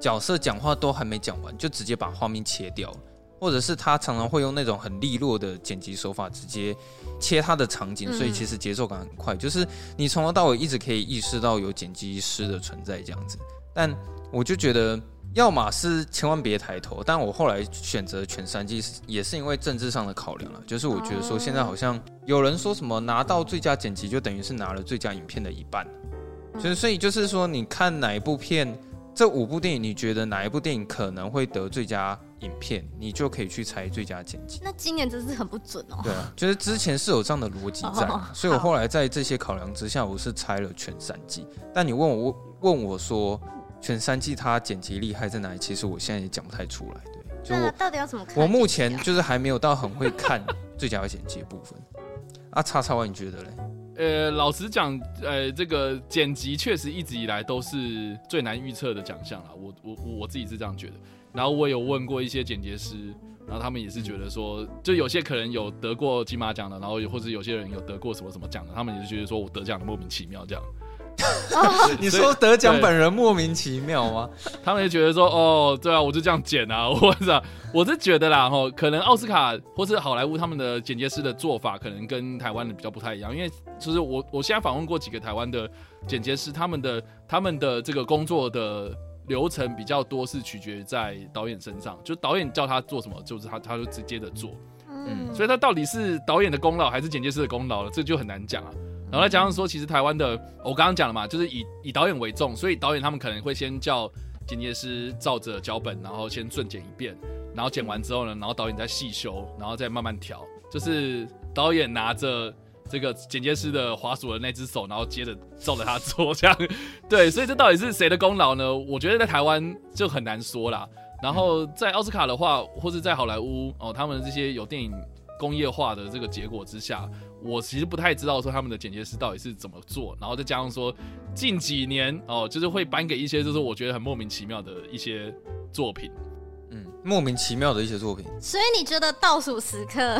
角色講話都還沒講完，就直接把畫面切掉，或者是他常常會用那種很利落的剪輯手法，直接切他的場景，嗯、所以其實節奏感很快，就是你從頭到尾一直可以意識到有剪輯師的存在這樣子。但我就覺得，要麼是千萬別抬頭。但我後來選擇全三季，也是因為政治上的考量了，就是我覺得說現在好像有人說什麼拿到最佳剪輯就等於是拿了最佳影片的一半，所以、嗯、所以就是說你看哪一部片。這五部電影，你覺得哪一部電影可能會得最佳影片？你就可以去猜最佳剪輯。那今年真是很不準哦。對啊，就是之前是有這樣的邏輯在，所以我後來在這些考量之下，我是猜了全三季。但你問我問我說全三季它剪輯厲害在哪裡？其實我現在也講不太出來。對，就是我到底要怎麼看啊？我目前就是還沒有到很會看最佳的剪輯的部分。啊 XXY，插插你覺得嘞？呃，老實講，呃，這個剪輯確實一直以來都是最難預測的獎項啦。我我我自己是這樣覺得，然後我有問過一些剪輯師，然後他們也是覺得說，就有些可能有得過金馬獎的，然後或者有些人有得過什麼什麼獎的，他們也是覺得說我得獎的莫名其妙這樣。 你說得獎本人莫名其妙嗎？他們就覺得說，哦，對啊，我就這樣剪啊，我是、啊、我是覺得啦，吼，可能奧斯卡或是好萊塢他們的剪接師的做法，可能跟台灣的比較不太一樣，因為就是我我現在訪問過幾個台灣的剪接師，他們的他們的這個工作的流程比較多是取決在導演身上，就導演叫他做什麼，就是他他就直接的做，嗯，所以他到底是導演的功勞還是剪接師的功勞了，這個、就很難講啊。然後再加上說，其實台灣的我剛剛講了嘛，就是以以導演為重，所以導演他們可能會先叫剪接師照着腳本，然後先順剪一遍，然後剪完之後呢，然後導演再細修，然後再慢慢調，就是導演拿着這個剪接師的滑鼠的那只手，然後接着照着他做，這樣對，所以這到底是誰的功勞呢？我覺得在台灣就很難說啦。然後在奧斯卡的話，或是在好萊塢哦，他們這些有電影工業化的這個結果之下。我其實不太知道說他們的剪輯師到底是怎麼做，然後再加上說近幾年哦，就是會頒給一些就是我覺得很莫名其妙的一些作品，嗯，莫名其妙的一些作品。所以你覺得倒數時刻，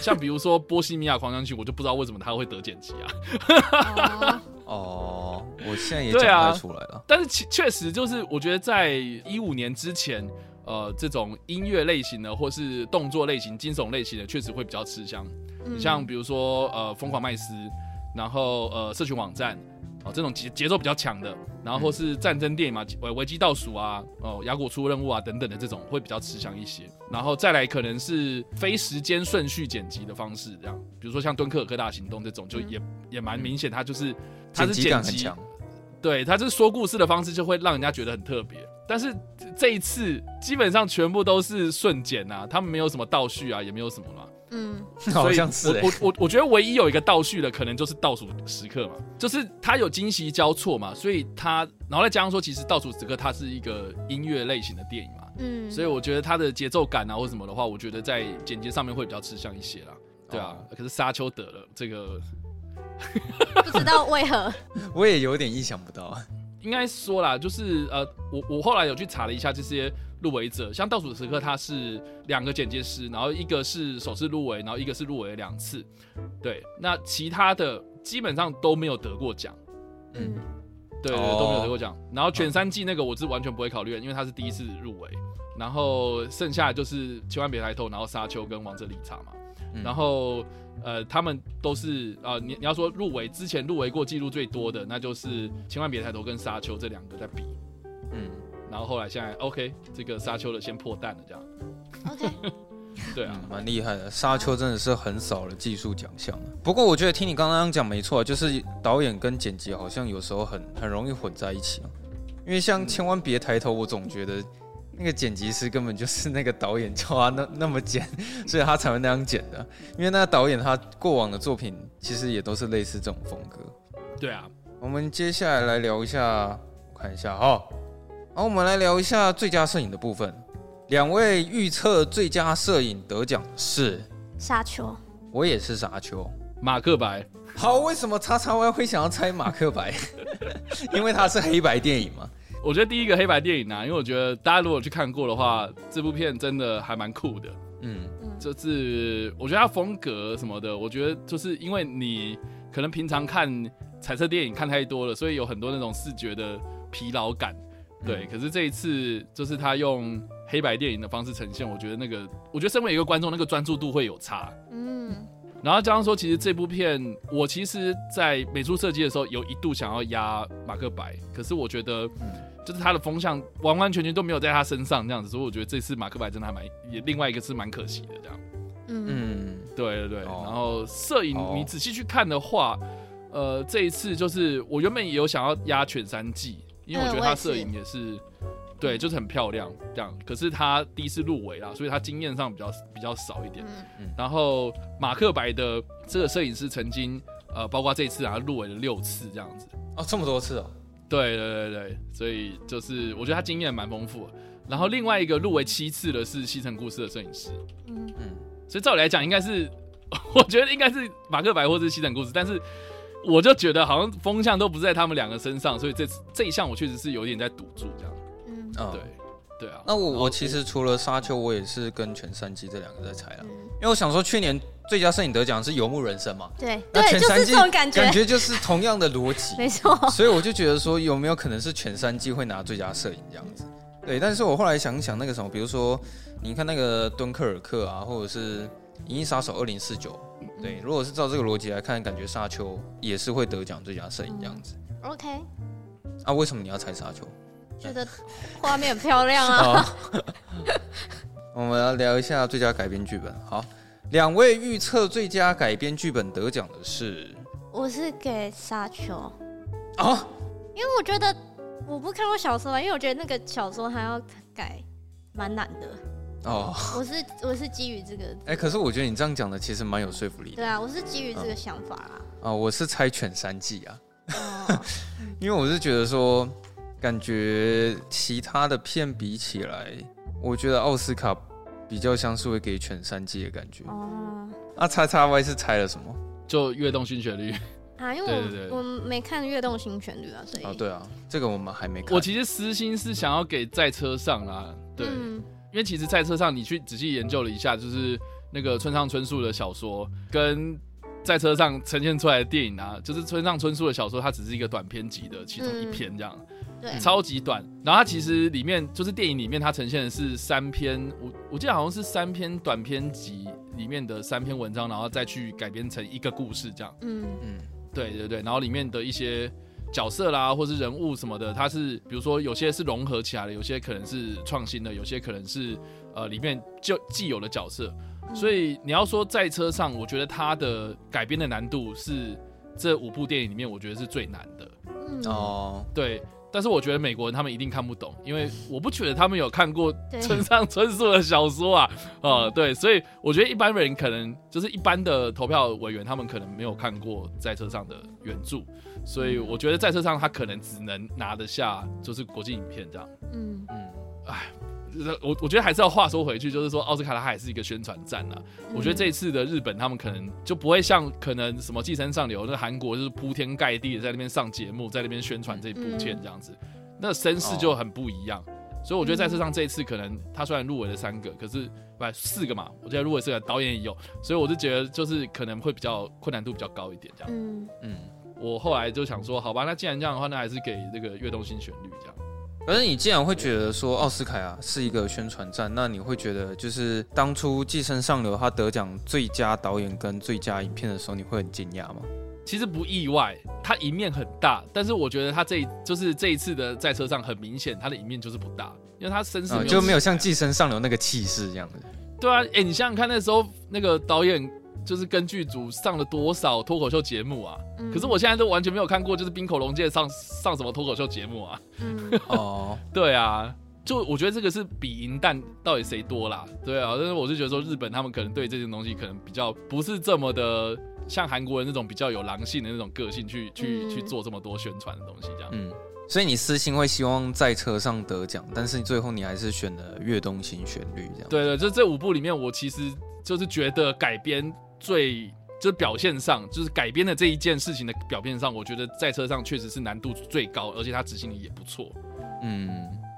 像比如說波西米亞狂想曲，我就不知道為什麼他會得剪輯啊。 哦， 哦，我現在也講不出來了。了，對啊，但是確確實就是我覺得在一五年之前，呃，這種音樂類型的或是動作類型、驚悚類型的確實會比較吃香。你像比如說，呃瘋狂麥斯，然後呃社群網站哦這種節節奏比較強的，然後是戰爭電影嘛、嗯、危危機倒數啊哦亞果出任務啊等等的這種會比較吃香一些，然後再來可能是非時間順序剪輯的方式這樣，比如說像敦克爾克大行動這種就也也蠻明顯，它就是、嗯、它是剪輯，對，它是說故事的方式就會讓人家覺得很特別，但是這一次基本上全部都是順剪吶，他們沒有什麼倒敘啊，也沒有什麼嘛。嗯，所以，好像是欸、我我我我覺得唯一有一個倒敘的可能就是倒數時刻嘛，就是他有驚喜交錯嘛，所以他然後再加上說，其實倒數時刻它是一個音樂類型的電影嘛，嗯，所以我覺得它的節奏感啊或什麼的話，我覺得在剪接上面會比較吃香一些啦，對啊，哦、可是沙丘得了這個， 不知道為何， 我也有點意想不到啊，應該說啦，就是呃，我我後來有去查了一下這些。入圍者像倒數時刻，他是兩個剪接師，然後一個是首次入圍，然後一個是入圍兩次，對。那其他的基本上都沒有得過獎，嗯，對對，對、哦，都沒有得過獎。然後犬山記那個我是完全不會考慮，的、哦，因為他是第一次入圍。然後剩下的就是千萬別抬頭，然後沙丘跟王者理查嘛、嗯。然後呃，他們都是啊、呃，你你要說入圍之前入圍過記錄最多的，那就是千萬別抬頭跟沙丘這兩個在比，嗯。然後後來現在，OK，這個沙丘的先破蛋了，這樣，OK， 對啊，蠻、嗯、厲害的，沙丘真的是很少的技術獎項、啊。不過我覺得聽你剛剛講沒錯、啊，就是導演跟剪輯好像有時候很很容易混在一起、啊，因為像千萬別抬頭、嗯，我總覺得那個剪輯師根本就是那個導演叫他那那麼剪，所以他才會那樣剪的、啊。因為那個導演他過往的作品其實也都是類似這種風格。對啊，我們接下來來聊一下，看一下哈。好好、哦，我們來聊一下最佳攝影的部分。兩位預測最佳攝影得獎的是沙丘，我也是沙丘。馬克白。好，為什麼叉叉 Y 會想要猜馬克白？ 因為它是黑白電影嘛。我覺得第一個黑白電影呢、啊，因為我覺得大家如果去看過的話，這部片真的還蠻酷的。嗯嗯，就是我覺得它風格什麼的，我覺得就是因為你可能平常看彩色電影看太多了，所以有很多那種視覺的疲勞感。對、嗯，可是這一次就是他用黑白電影的方式呈現，嗯、我覺得那個，我覺得身為一個觀眾，那個專注度會有差。嗯。然後，加上說，其實這部片，我其實在美術設計的時候，有一度想要壓馬克白，可是我覺得，就是他的風向完完全全都沒有在他身上這樣子，所以我覺得這次馬克白真的還蠻，也另外一個是蠻可惜的這樣。嗯，對對對。哦、然後攝影，你仔細去看的話、哦，呃，這一次就是我原本也有想要壓犬山記。因為我覺得他攝影也是，對，就是很漂亮這樣。可是他第一次入圍啦，所以他經驗上比較比較少一點。然後馬克白的這個攝影師曾經呃，包括這次啊入圍了六次這樣子。哦，這麼多次啊！對對對對，所以就是我覺得他經驗蠻豐富。然後另外一個入圍七次的是西城故事的攝影師。嗯嗯，所以照理來講，應該是我覺得應該是馬克白或者是西城故事，但是。我就覺得好像風向都不在他們兩個身上，所以這次這一項我確實是有點在賭注這樣。嗯，對，對啊。那我我其實除了沙丘、嗯，我也是跟犬山記這兩個在猜啦、嗯，因為我想說去年最佳攝影得獎是《游牧人生》嘛，對，但犬山記，對，就是這種感覺，感覺就是同樣的邏輯，沒錯。所以我就覺得說有沒有可能是犬山記會拿最佳攝影這樣子？對，但是我後來想一想那個什麼，比如說你看那個《敦刻爾克》啊，或者是《銀翼殺手二零四九》。對，如果是照這個邏輯來看，感覺沙丘也是會得獎最佳攝影這樣子。嗯、OK，啊，為什麼你要猜沙丘？覺得畫面很漂亮啊 好。 我們要聊一下最佳改編劇本。好，兩位預測最佳改編劇本得獎的是，我是給沙丘啊，因為我覺得我不看過小說嘛，因為我覺得那個小說還要改，蠻難的。哦、oh,，我是我是基於這個，哎、欸，可是我覺得你這樣講的其實蠻有說服力的。對啊，我是基於這個想法啦。嗯、啊，我是猜《犬三季》啊，oh. 因為我是覺得說，感覺其他的片比起來，我覺得奧斯卡比較像是會給《犬三季》的感覺。哦、oh. 啊，那叉叉 Y 是猜了什麼？就《樂動心旋律》啊？因為我對對對，我沒看《樂動心旋律》啊，所以啊，對啊，這個我們還沒看。我其實私心是想要給《在車上、啊》啦，對。嗯因為其實在車上，你去仔細研究了一下，就是那個村上春樹的小說跟在車上呈現出來的電影啊，就是村上春樹的小說，它只是一個短篇集的其中一篇這樣，對，超級短。然後它其實裡面就是電影裡面它呈現的是三篇，我我記得好像是三篇短篇集裡面的三篇文章，然後再去改編成一個故事這樣。嗯嗯，對對對，然後裡面的一些。角色啦，或是人物什麼的，它是比如說有些是融合起來的，有些可能是創新的，有些可能是呃裡面就既，既有的角色。嗯、所以你要說《在車上》，我覺得它的改編的難度是這五部電影裡面我覺得是最難的。哦、嗯，對，但是我覺得美國人他們一定看不懂，因為我不覺得他們有看過村上春樹的小說啊，呃、嗯，對，所以我覺得一般人可能就是一般的投票委員，他們可能沒有看過《在車上》的原著。所以我覺得在車上他可能只能拿得下，就是國際影片這樣。嗯嗯，哎，我我覺得還是要話說回去，就是說奧斯卡他還是一個宣傳戰呢、啊嗯。我覺得這一次的日本他們可能就不會像可能什麼寄生上流那韓國就是鋪天蓋地的在，那在那邊上節目，在那邊宣傳這一部片這樣子，嗯嗯、那聲勢就很不一樣、哦。所以我覺得在車上這一次可能他雖然入圍了三個，可是不、嗯、四個嘛，我覺得入圍四個導演也有，所以我就覺得就是可能會比較困難度比較高一點這樣。嗯嗯。我後來就想說，好吧，那既然這樣的話，那還是給這個樂動心旋律這樣。可是你既然會覺得說奧斯卡啊是一個宣傳戰，那你會覺得就是當初《寄生上流》他得獎最佳導演跟最佳影片的時候，你會很驚訝嗎？其實不意外，他贏面很大，但是我覺得他這就是這一次的在車上很明顯，他的贏面就是不大，因為他身上、嗯、就沒有像《寄生上流》那個氣勢一樣的。對啊，哎、欸，你想想看那時候那個導演。就是跟劇組上了多少脫口秀節目啊、嗯？可是我現在都完全沒有看過，就是濱口龍介上上什麼脫口秀節目啊？ 哦， 對啊，就我覺得這個是比銀彈到底誰多啦？對啊，但是我是覺得說日本他們可能對這件東西可能比較不是這麼的像韓國人那種比較有狼性的那種個性去去去做這麼多宣傳的東西這樣。嗯，所以你私心會希望在車上得獎，但是你最後你還是選了樂動心旋律這樣。對，對對，就這五部裡面，我其實就是覺得改編。最就是表現上，就是改編的這一件事情的表現上，我覺得在車上確實是難度最高，而且它執行力也不錯。嗯，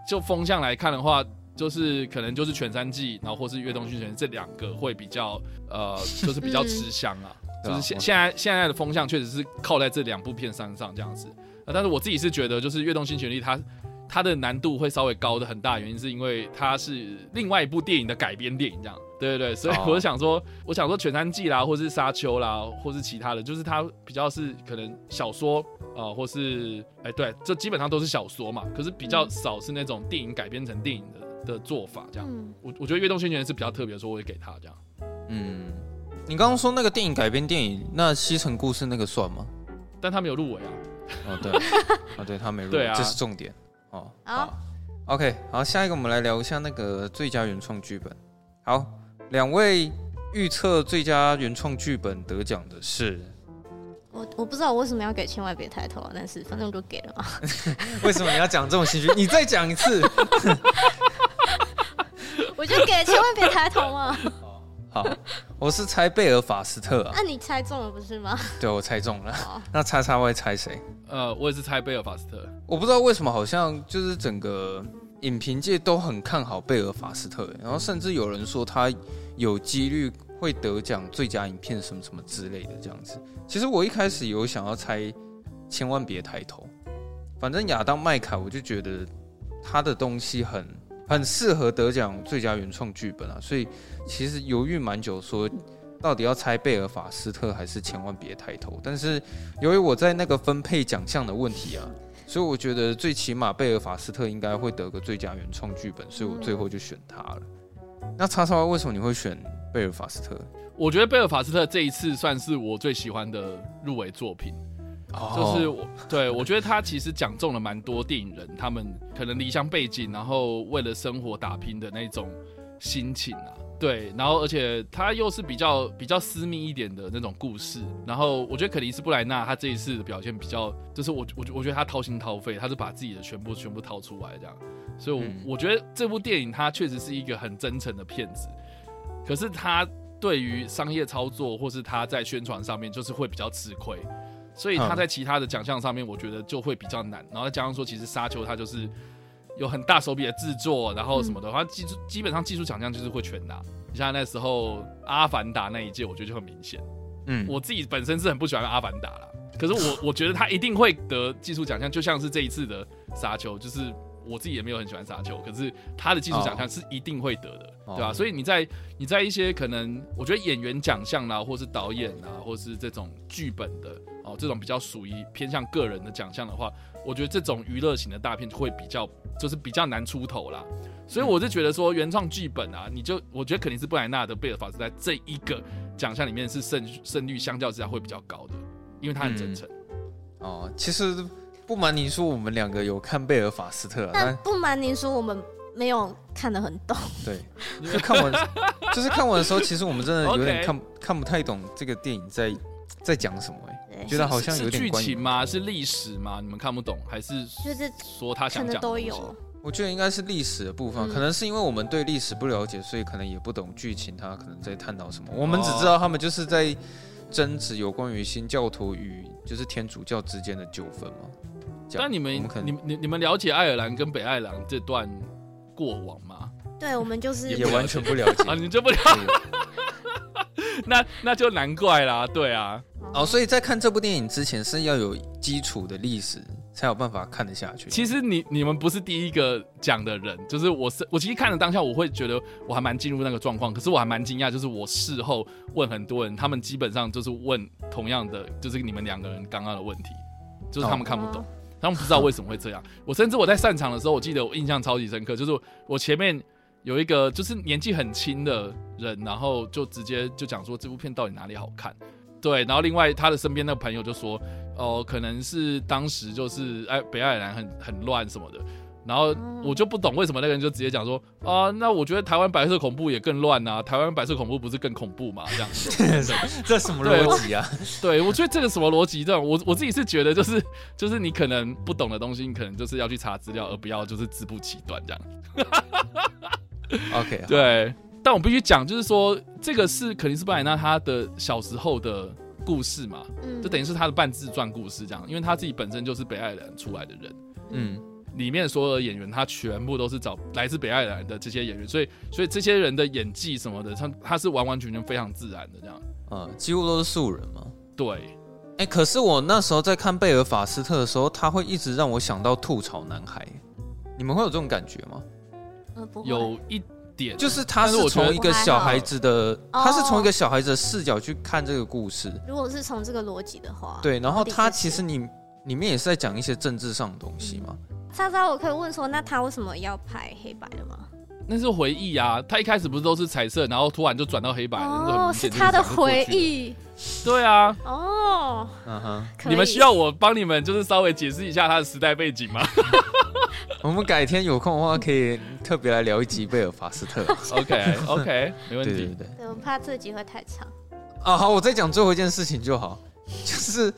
就風向來看的話，就是可能就是犬山記，然後或是《樂動心旋律》這兩個會比較，呃，就是比較吃香啊。 就是現現在 現在的風向確實是靠在這兩部片身上這樣子。呃，但是我自己是覺得，就是《樂動心旋律它》它它的難度會稍微高的很大，原因是因為它是另外一部電影的改編電影這樣。對對對，所以我想說，oh. 我想說《全三季》啦，或是《沙丘》啦，或是其他的，就是它比較是可能小說啊、呃，或是哎對，這基本上都是小說嘛。可是比較少是那種電影改編成電影的的做法，這樣。嗯、我我覺得《月動星權》是比較特別的，所以會給他這樣。嗯，你剛剛說那個電影改編電影，那《西城故事》那個算嗎？但他沒有入圍啊。哦對，啊 啊對，對他沒入圍，對啊，這是重點哦。Oh. 好，OK，好，下一個我們來聊一下那個最佳原創劇本，好。兩位預測最佳原創劇本得獎的是我，我不知道我為什麼要給千萬別抬頭、啊，但是反正就給了嘛。嗯、 為什麼你要講這種情緒？ 你再講講一次 我就給千萬別抬頭嘛、 啊好。好，我是猜貝爾法斯特啊， 啊，那你猜中了不是嗎？對，我猜中了。 那 XXY 會猜誰？呃，我也是猜貝爾法斯特。我不知道為什麼，好像就是整個、嗯。影評界都很看好貝爾法斯特，然後甚至有人說他有幾率會得獎最佳影片什麼什麼之類的這樣子。其實我一開始有想要猜，千萬別抬頭。反正亞當麥凱，我就覺得他的東西很很適合得獎最佳原創劇本啊，所以其實猶豫蠻久，說到底要猜貝爾法斯特還是千萬別抬頭。但是由於我在那個分配獎項的問題啊。所以我覺得最起碼貝爾法斯特應該會得個最佳原創劇本，所以我最後就選他了。嗯、那叉燒包為什麼你會選貝爾法斯特？我覺得貝爾法斯特這一次算是我最喜歡的入圍作品，哦啊，就是我對我覺得他其實講中了蠻多電影人他們可能離鄉背井，然後為了生活打拼的那種心情啊。對，然後而且他又是比較比較私密一點的那種故事，然後我覺得克里斯布萊納他這一次的表現比較，就是我我我覺得他掏心掏肺，他是把自己的全部全部掏出來這樣，所以我，、嗯、我覺得這部電影他確實是一個很真誠的片子，可是他對於商業操作或是他在宣傳上面就是會比較吃虧，所以他在其他的獎項上面我覺得就會比較難，嗯、然後再加上說其實沙丘他就是。有很大手筆的製作，然後什麼的話，技術、嗯、基本上技術獎項就是會全拿。你像那時候《阿凡達》那一屆，我覺得就很明顯。嗯，我自己本身是很不喜歡《阿凡達》啦，可是我我覺得他一定會得技術獎項，就像是這一次的《沙丘》，就是我自己也沒有很喜歡《沙丘》，可是他的技術獎項是一定會得的，哦、對吧、啊？所以你在你在一些可能我覺得演員獎項啦，或是導演啊、嗯，或是這種劇本的哦，這種比較屬於偏向個人的獎項的話。我覺得這種娛樂型的大片就會比較，就是比較難出頭啦。所以我就覺得說原創劇本啊，你就我覺得肯定是布萊納的貝爾法斯特在這一個獎項裡面是勝勝率相較之下會比較高的，因為他很真誠。哦、嗯呃，其實不瞞您說，我們兩個有看貝爾法斯特，那不瞞您說，我們沒有看得很懂。對，就看完， 就是看完的時候，其實我們真的有點看、okay. 看不太懂這個電影在在講什麼哎、欸。覺得好像有點劇情嗎？是歷史嗎？你們看不懂還是就是說他想講的、就是、都有。我覺得應該是歷史的部分、嗯，可能是因為我們對歷史不了解，所以可能也不懂劇情。他可能在探討什麼？我們只知道他們就是在爭執有關於新教徒與就是天主教之間的糾紛嗎？但你們，你們，你你，你們了解愛爾蘭跟北愛爾蘭這段過往嗎？對，我們就是也完全不了解， 啊，你就不了解， 那那就難怪啦。對啊，哦，所以在看這部電影之前，是要有基礎的歷史，才有辦法看得下去。其實你你們不是第一個講的人，就是我是我。其實看了當下，我會覺得我還蠻進入那個狀況，可是我還蠻驚訝，就是我事後問很多人，他們基本上就是問同樣的，就是你們兩個人剛剛的問題，就是他們看不懂、哦，他們不知道為什麼會這樣。哦、我甚至我在散場的時候，我記得我印象超級深刻，就是我前面。有一個就是年紀很輕的人，然後就直接就講說這部片到底哪裡好看？對，然後另外他的身邊的朋友就說，哦、呃，可能是當時就是、欸、北愛爾蘭很很亂什麼的。然後我就不懂為什麼那個人就直接講說，啊、呃，那我覺得台灣白色恐怖也更亂啊，台灣白色恐怖不是更恐怖嗎？這樣子， 這什麼邏輯啊？對，對我覺得這個什麼邏輯這種，我我自己是覺得就是就是你可能不懂的東西，你可能就是要去查資料，而不要就是自不其斷這樣。 OK， 對，但我必須講，就是說，這個是肯定是布萊納他的小時候的故事嘛，嗯、就等於是他的半自傳故事這樣，因為他自己本身就是北愛爾蘭出來的人，嗯，裡面所有的演員他全部都是找來自北愛爾蘭的這些演員，所以所以這些人的演技什麼的，他他是完完全全非常自然的這樣，嗯，幾乎都是素人嘛，對，哎、欸，可是我那時候在看貝爾法斯特的時候，他會一直讓我想到吐槽男孩，你們會有這種感覺嗎？有一點，就是他如果是從一個小孩子的、哦，他是從一個小孩子的視角去看這個故事。如果是從這個邏輯的話，對。然後他其實你，你裡面也是在講一些政治上的東西嘛。嗯、叉叉，我可以問說，那他為什麼要拍黑白的嗎？那是回憶啊！他一開始不是都是彩色，然後突然就轉到黑白了，哦、是他的回憶。對啊，哦，嗯哼、uh-huh，你們需要我幫你們，就是稍微解釋一下他的時代背景嗎？ 我們改天有空的話，可以特別來聊一集《貝爾法斯特》啊。 OK OK，沒問題。對對，對，對，對，我們怕這集會太長。 啊，好，我再講最後一件事情就好，就是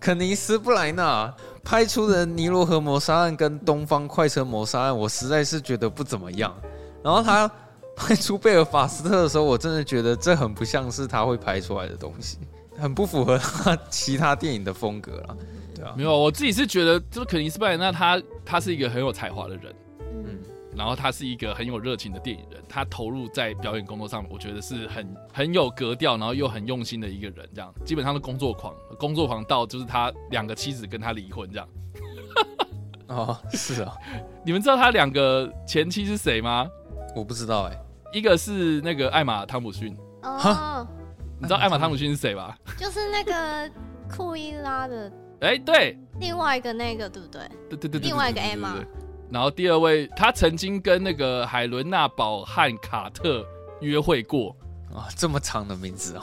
肯尼斯布萊納拍出的《尼羅河謀殺案》跟《東方快車謀殺案》，我實在是覺得不怎麼樣。然後他拍出《貝爾法斯特》的時候，我真的覺得這很不像是他會拍出來的東西，很不符合他其他電影的風格。沒有，我自己是覺得就是肯尼斯布萊納。那他他是一個很有才華的人，嗯，然後他是一個很有熱情的電影人，他投入在表演工作上，我覺得是很很有格調，然後又很用心的一個人，這樣基本上是工作狂，工作狂到就是他兩個妻子跟他離婚這樣。哦，是啊、哦， 你們知道他兩個前妻是誰嗎？我不知道哎，一個是那個艾瑪湯姆遜哦，你知道艾瑪湯姆遜是誰吧？就是那個庫伊拉的。哎，對，另外一個那個對不對？對對對對，另外一個 A 對，然後第二位，他曾經跟那個海倫娜·保漢·卡特約會過啊，這麼長的名字哦。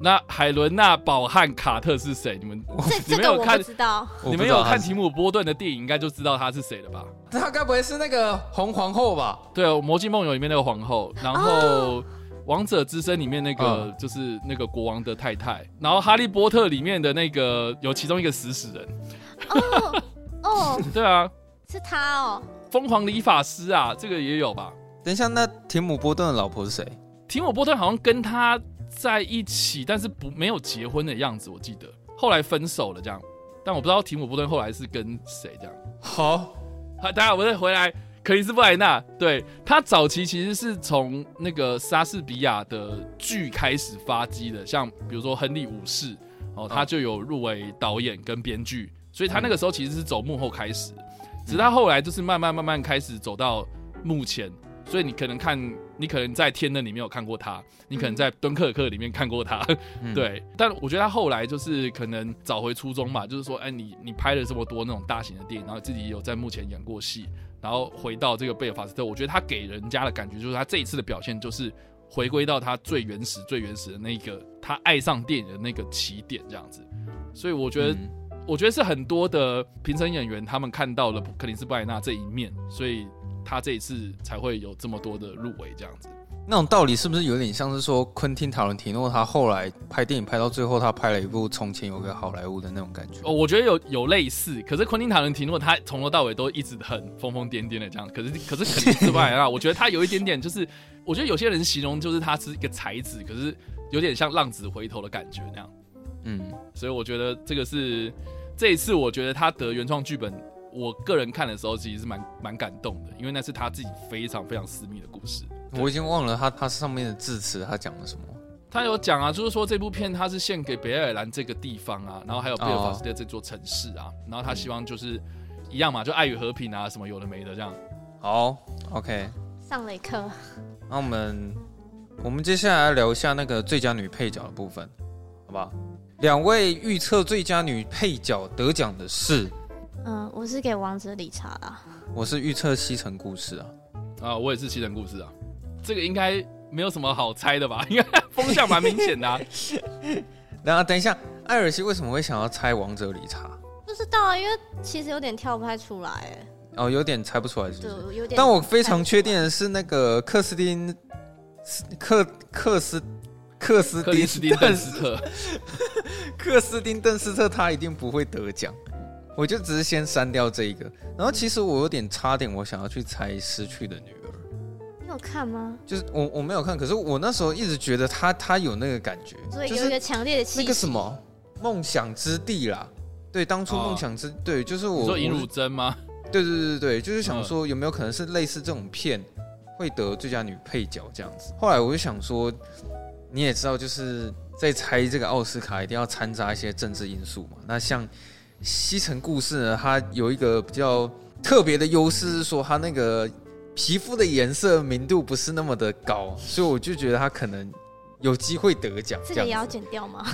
那海倫娜·保漢·卡特是誰？你們這你們看這個我不知道，你們有看提姆·波頓的電影，應該就知道她是誰了吧？她該不會是那個紅皇后吧？對，《魔境夢遊》裡面那個皇後，然後。哦王者之聲裡面那個、哦、就是那個國王的太太，然後哈利波特裡面的那個有其中一個食死人，哦哦， 對啊，是他哦，瘋狂理髮師啊，這個也有吧？等一下，那提姆波頓的老婆是誰？提姆波頓好像跟他在一起，但是不沒有結婚的樣子，我記得後來分手了這樣，但我不知道提姆波頓後來是跟誰這樣。好、哦，好，等下我再回來。克里斯布萊納，對，他早期其實是從那個莎士比亞的劇開始發跡的，像比如說《亨利五世》，哦，他就有入圍導演跟編劇，所以他那個時候其實是走幕後開始，直到後來就是慢慢慢慢開始走到幕前，所以你可能看。你可能在《天能》裡面有看過他，你可能在《敦刻爾克》裡面看過他，嗯、 對。但我覺得他後來就是可能找回初衷嘛，就是說，哎，你你拍了這麼多那種大型的電影，然後自己有在幕前演過戲，然後回到這個貝爾法斯特，我覺得他給人家的感覺就是他這一次的表現就是回歸到他最原始、嗯、最原始的那個他愛上電影的那個起點這樣子。所以我覺得，嗯、我覺得是很多的評審演員他們看到了克林斯·布萊納這一面，所以。他這一次才會有這麼多的入圍，這樣子，那種道理是不是有點像是說昆汀·塔倫提諾他後來拍電影拍到最後，他拍了一部《從前有個好萊塢》的那種感覺？哦，我覺得有有類似，可是昆汀·塔倫提諾他從頭到尾都一直很瘋瘋癲癲的這樣，可是可是失敗了。 我覺得他有一點點，就是我覺得有些人形容就是他是一個才子，可是有點像浪子回頭的感覺那樣。嗯，所以我覺得這個是這一次，我覺得他得原創劇本。我個人看的時候，其實是蠻蠻感動的，因為那是他自己非常非常私密的故事。我已經忘了他他上面的致辭他講了什麼。他有講啊，就是說這部片他是獻給北愛爾蘭這個地方啊，然後還有貝爾法斯特這座城市啊，哦哦，然後他希望就是、嗯、一樣嘛，就愛與和平啊，什麼有的沒的這樣。好，OK，上了一課。那我們我們接下來聊一下那個最佳女配角的部分，好不好？兩位預測最佳女配角得獎的是。嗯、呃，我是給王者理查的、啊。我是預測西城故事啊。啊，我也是西城故事啊。這個應該沒有什麼好猜的吧？因 該風向蠻明顯的、啊。然 後等一下，艾爾西為什麼會想要猜王者理查？不知道啊，因為其實有點跳不太出來。哦、啊，有點猜不出來是不是？有點不。但我非常確定的是，那個克斯汀，克克斯克斯汀鄧斯特，克斯汀鄧斯特，他一定不會得獎。我就只是先刪掉這一個，然後其實我有點差點，我想要去猜失去的女兒。你有看嗎？就是我我沒有看，可是我那時候一直覺得她，她有那個感覺，所以有一個強烈的那個什麼夢想之地啦。對，當初夢想之、啊、對，就是我你說尹汝貞嗎？對對對對對，就是想說有沒有可能是類似這種片會得最佳女配角這樣子。後來我就想說，你也知道，就是在猜這個奧斯卡一定要摻雜一些政治因素嘛。那像。西城故事呢，它有一個比較特別的優勢，是說它那個皮膚的顏色明度不是那麼的高，所以我就覺得它可能有機會得獎。這、這個也要剪掉嗎？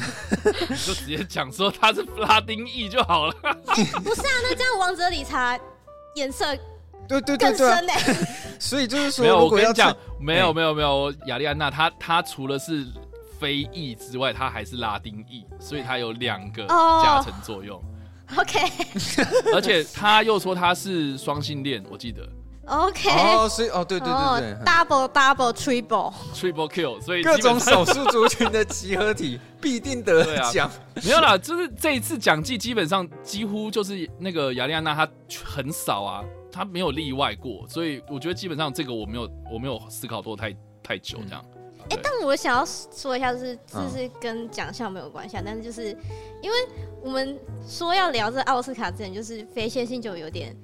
你 就直接講說它是拉丁裔就好了。 不是啊，那這樣王者理查顏色 對對更深呢。 所以就是說， 我跟你講，沒有沒有沒有，亞、欸、麗安娜她她除了是非裔之外，她還是拉丁裔，所以她有兩個加成作用。Oh. OK， 而且他又說他是雙性戀，我記得。OK，哦，所以哦，對對對對、oh,，Double Double Triple Triple Kill，所以各種少數族群的集合體必定得獎 對、啊。 沒有啦，就是這一次獎季基本上幾乎就是那個亞麗安娜，她很少啊，她沒有例外過，所以我覺得基本上這個我沒有我沒有思考過太太久這樣。嗯。欸、但我想要說一下，就是就是，是跟獎項沒有關係，嗯、但是就是因為我們說要聊這奧斯卡之前，就是非線性就有點，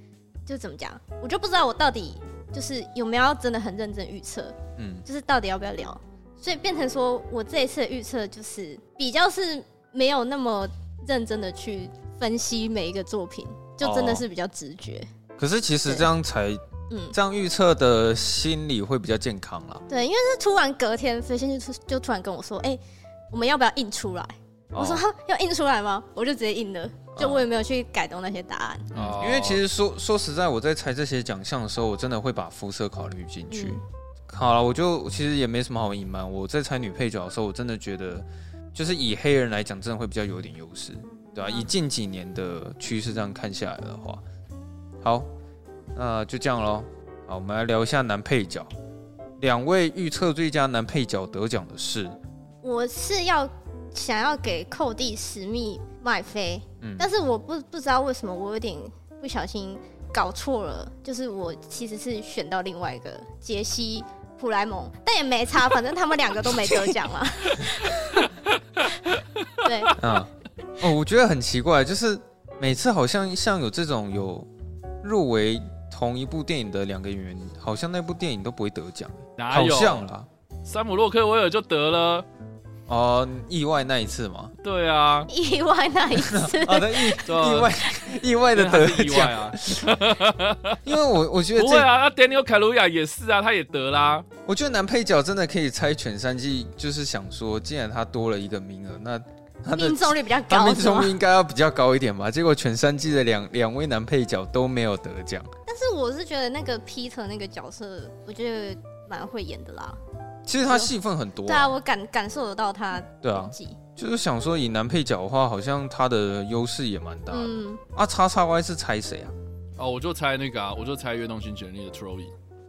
就怎麼講，我就不知道我到底就是有沒有要真的很認真預測，嗯，就是到底要不要聊，所以變成說我這一次的預測就是比較是沒有那麼認真的去分析每一個作品，就真的是比較直覺。哦、可是其實這樣才。嗯，這樣預測的心理會比較健康了。對，因為是突然隔天，飛以就突然跟我說，哎、欸，我們要不要印出來？哦、我說要印出來嗎？我就直接印了、哦，就我也沒有去改動那些答案。嗯、因為其實說說實在，我在猜這些獎項的時候，我真的會把膚色考慮進去。嗯、好了，我就其實也沒什麼好隱瞞。我在猜女配角的時候，我真的覺得，就是以黑人來講，真的會比較有點優勢，對吧、啊嗯？以近幾年的趨勢這樣看下來的話，好。呃，就這樣嘍。好，我們來聊一下男配角，兩位預測最佳男配角得獎的是，我是要想要給寇蒂史密麥飛，嗯，但是我不不知道為什麼我有點不小心搞錯了，就是我其實是選到另外一個杰西普萊蒙，但也沒差，反正他們兩個都沒得獎了。 對啊，哦，我覺得很奇怪，就是每次好像像有這種有入圍。同一部電影的兩個演員，好像那部電影都不會得獎。哪有？好像啦，山姆·洛克威爾就得了，哦、uh，意外那一次嘛。對啊，意外那一次。 啊啊、意意外 意外的得獎啊！因為、啊、 因為我我覺得不會啊，那 Daniel Kaluuya 也是啊，他也得啦。我覺得男配角真的可以猜犬山記，就是想說，既然他多了一個名額，那他的命中率比較高嗎？命中率應該要要比較高一點吧？結果犬山記的兩兩位男配角都沒有得獎。但是我是覺得那個 Peter 那個角色，我覺得蠻會演的啦。其實他戲份很多啊。對啊，我感感受得到他演啊，就是想說，以男配角的話，好像他的優勢也蠻大的。嗯。啊叉叉 Y 是猜誰啊？哦，我就猜那個啊，我就猜《月動新權力》的 Troy。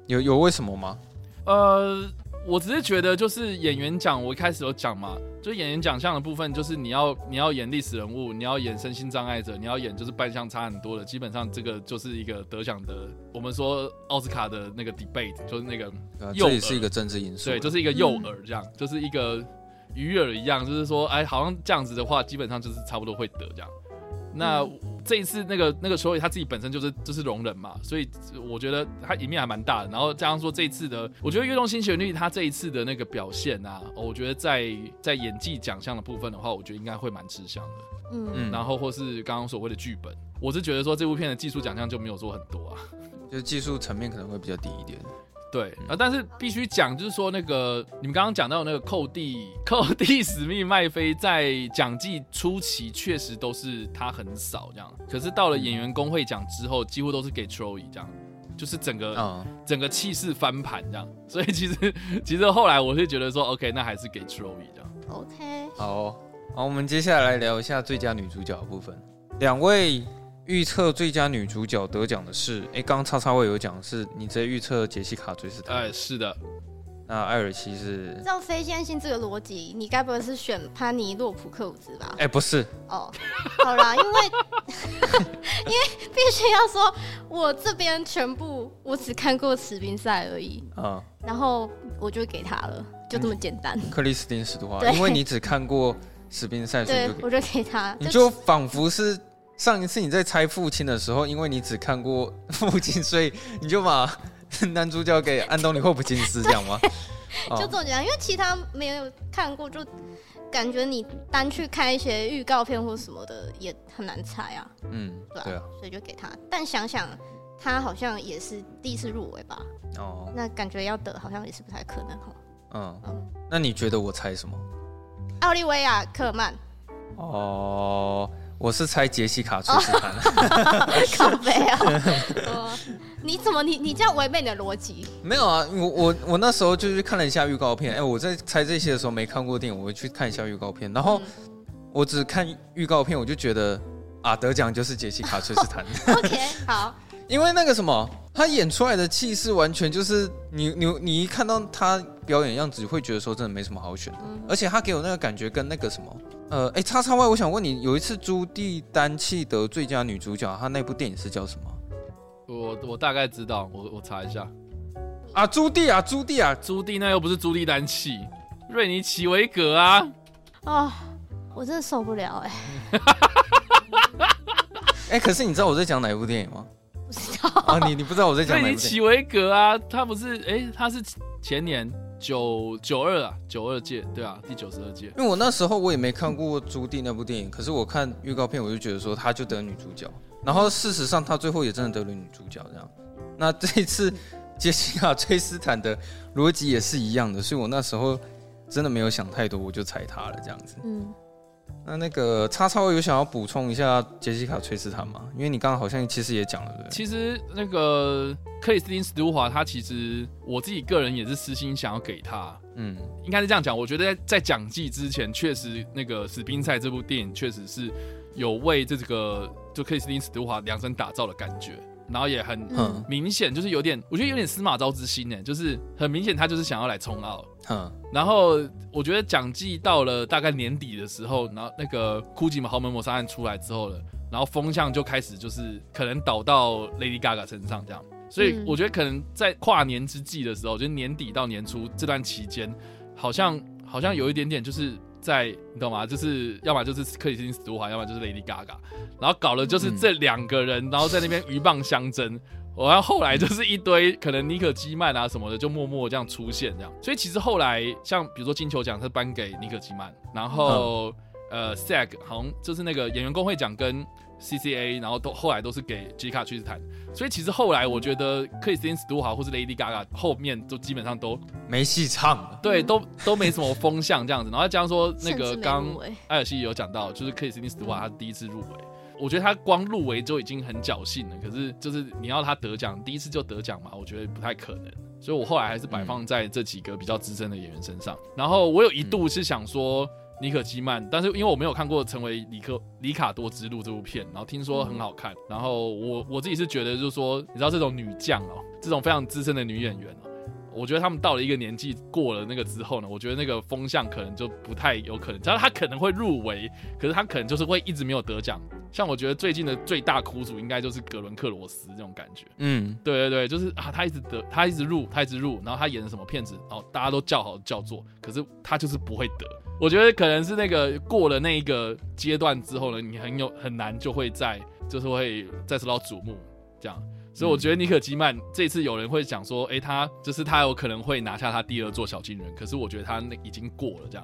有有為什麼嗎？呃。我只是覺得，就是演員獎，我一開始有講嘛，就演員獎項的部分，就是你要你要演歷史人物，你要演身心障礙者，你要演就是扮相差很多的，基本上這個就是一個得獎的。我們說奧斯卡的那個 debate 就是那個，這、啊、也是一個政治因素，對，就是一個誘餌，這樣、嗯，就是一個魚餌一樣，就是說，哎，好像這樣子的話，基本上就是差不多會得這樣。那、嗯這一次那個那個時候，他自己本身就是就是聾人嘛，所以我覺得他贏面還蠻大的。然後，加上說這一次的，我覺得《樂動心旋律》他這一次的那個表現啊，我覺得在在演技獎項的部分的話，我覺得應該會蠻吃香的。嗯嗯。然後，或是剛剛所謂的劇本，我是覺得說這部片的技術獎項就沒有做很多啊，就技術層面可能會比較低一點。對、嗯、啊，但是必須講，就是說那個你們剛剛講到那個寇蒂、寇蒂史密麥菲在獎季初期確實都是他很少這樣，可是到了演員工會獎之後，嗯、幾乎都是給 Troy 這樣，就是整個、哦、整個氣勢翻盤這樣。所以其實其實後來我是覺得說，OK，那還是給 Troy 這樣。OK，好、哦，好，我們接下來聊一下最佳女主角的部分，兩位。預測最佳女主角得獎的是，哎、欸，剛剛叉叉我有講是，你直接預測杰西卡崔斯坦，哎，是的，那艾爾西是，要非線性這個邏輯，你該不會是選潘妮洛普克魯茲吧？哎、欸，不是，哦、oh.，好啦，因為 因為必須要說，我這邊全部我只看過史賓賽而已，啊、嗯，然後我就給他了，就這麼簡單。嗯、克莉絲汀是的話，因為你只看過史賓賽，對我就給他就。你就仿佛是。上一次你在猜父親的時候，因為你只看過父親，所以你就把男主角給安東尼霍普金斯這樣嗎？ 對 就這種講，因為其他沒有看過，就感覺你單去看一些預告片或什麼的也很難猜啊。嗯對啊，對啊，對啊，所以就給他。但想想他好像也是第一次入圍吧？哦，那感覺要得好像也是不太可能。嗯、哦，那你覺得我猜什麼？奧利維亞·科爾曼。哦。嗯我是猜傑西卡·崔斯坦，靠北啊！你怎麼你你這樣違背你的邏輯？沒有啊，我我我那時候就是看了一下預告片。哎、欸，我在猜這些的時候沒看過電影，我去看一下預告片。然後我只看預告片，我就覺得啊，得獎就是傑西卡·崔斯坦。OK，好。因為那個什麼，他演出來的氣勢完全就是你你你一看到他表演樣子，會覺得說真的沒什麼好選的。而且他給我那個感覺跟那個什麼，呃，哎、欸，XXY，我想問你，有一次朱蒂丹契得最佳女主角，她那部電影是叫什麼？我我大概知道，我我查一下。啊，朱蒂啊，朱蒂啊，朱蒂那又不是朱蒂丹契，瑞尼奇維格啊。啊、哦，我真的受不了哎、欸。哎、 欸，可是你知道我在講哪一部電影嗎？不知道啊，你你不知道我在講什麼？那你齊薇格啊，他不是哎、欸，他是前年九九二啊，九二屆對吧、啊？第九十二屆。因為我那時候我也沒看過朱蒂那部電影，嗯、可是我看預告片我就覺得說他就得女主角，然後事實上他最後也真的得了女主角這樣。嗯、那這一次杰西卡·崔斯坦的邏輯也是一樣的，所以我那時候真的沒有想太多，我就猜他了這樣子。嗯。那那個 XXY 有想要補充一下傑西卡·崔斯坦嗎？因為你剛剛好像其實也講了，對。其實那個克里斯汀·斯圖華，他其實我自己個人也是私心想要給他，嗯，應該是這樣講。我覺得在在講記之前，確實那個《史賓賽》這部電影，確實是有為這個就克里斯汀·斯圖華量身打造的感覺。然後也很明顯，就是有點、嗯，我覺得有點司馬昭之心呢，就是很明顯他就是想要來衝奧。嗯，然後我覺得獎季到了大概年底的時候，然後那個 Gucci 嘛，豪門謀殺案出來之後了，然後風向就開始就是可能倒到 Lady Gaga 身上這樣，所以我覺得可能在跨年之際的時候，就是年底到年初這段期間，好像好像有一點點就是。在，你懂嗎？就是要麼就是克里斯汀·斯圖華，要麼就是 Lady Gaga，然後搞了就是這兩個人，嗯、然後在那邊鷸蚌相爭。然後後來就是一堆可能妮可基曼啊什麼的，就默默這樣出現這樣。所以其實後來像比如說金球獎是頒給妮可基曼，然後、嗯、呃 SAG 好像就是那個演員工會獎跟。C C A，然後都後來都是給潔西卡·崔斯坦，所以其實後來我覺得克莉絲汀·史都華或是 Lady Gaga 後面都基本上都沒戲唱了，對，嗯、都都沒什麼風向這樣子。然後再加上說那個剛艾爾西有講到，就是克莉絲汀·史都華他第一次入圍、嗯，我覺得他光入圍就已經很僥倖了。可是就是你要他得獎，第一次就得獎嘛，我覺得不太可能。所以我後來還是擺放在這幾個比較資深的演員身上。然後我有一度是想說，嗯妮可基曼，但是因為我沒有看過《成為里克里卡多之路》這部片，然後聽說很好看，嗯、然後我我自己是覺得，就是說，你知道這種女將哦，這種非常資深的女演員哦，我覺得她們到了一個年紀過了那個之後呢，我覺得那個風向可能就不太有可能。只要她可能會入圍，可是她可能就是會一直沒有得獎。像我覺得最近的最大苦主應該就是格倫克羅斯這種感覺。嗯，對對對，就是啊，她一直得，她一直入，她一直入，然後她演的什麼片子，然後大家都叫好叫座，可是她就是不會得。我覺得可能是那個過了那一個階段之後呢，你很有很難就會再就是會再受到矚目這樣。所以我覺得妮可基嫚這次有人會講說，哎，他就是他有可能會拿下他第二座小金人。可是我覺得他那已經過了這樣，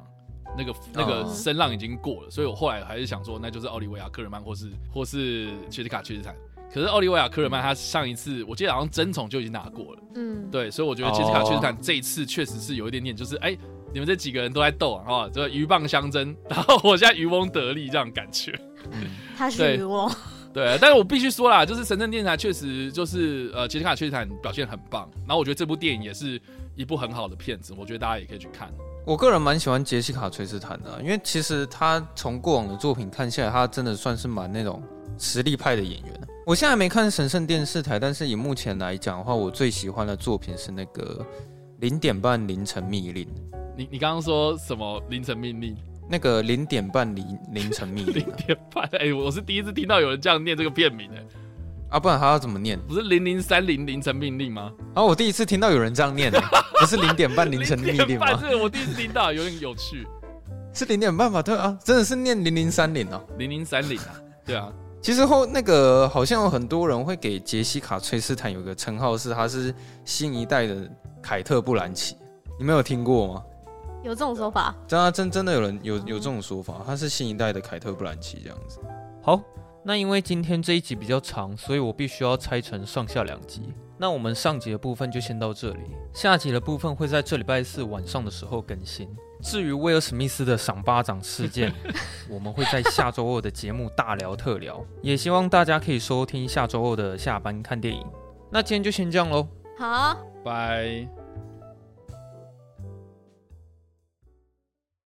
那個那個聲浪已經過了。所以我後來還是想說，那就是奧利維亞科爾曼或是或是潔西卡·崔斯坦。可是奧利維亞科爾曼他上一次我記得好像真寵就已經拿過了。嗯，對。所以我覺得潔西卡·崔斯坦這一次確實是有一點點就是哎、欸。你們這幾個人都在鬥啊、哦，就鷸蚌相爭，然後我現在漁翁得利這種感覺。嗯、他是漁翁，對，但是我必須說啦，就是神聖電視台確實就是 呃傑西卡·崔斯坦表現很棒，然後我覺得這部電影也是一部很好的片子，我覺得大家也可以去看。我個人蠻喜歡傑西卡·崔斯坦的、啊，因為其實他從過往的作品看下來，他真的算是蠻那種實力派的演員、啊。我現在沒看神聖電視台，但是以目前來講的話，我最喜歡的作品是那個零點半凌晨密令。你你剛剛說什麼凌晨密令？那個零點半零凌晨密令、啊？ 零點半，哎、欸，我是第一次聽到有人這樣念這個片名哎、欸，啊，不然他要怎麼念？不是零零三零凌晨密令嗎？啊，我第一次聽到有人這樣念的、欸， 不是零點半凌晨密令嗎？ 是我第一次聽到，有點有趣， 是零點半吧？對啊，真的是念零零三零哦，零零三零啊，0030, 對啊， 其實後那個好像有很多人會給杰西卡·崔斯坦有個稱號，是他是新一代的凱特·布蘭奇，你沒有聽過嗎？有這種說法，啊真啊真真的有人有有這種說法，他是新一代的凱特·布蘭奇這樣子。好，那因為今天這一集比較長，所以我必須要拆成上下兩集。那我們上集的部分就先到這裡，下集的部分會在這禮拜四晚上的時候更新。至於威爾·史密斯的賞巴掌事件， 我們會在下週二的節目大聊特聊。 也希望大家可以收聽下週二的下班看電影。那今天就先這樣嘍，好，拜。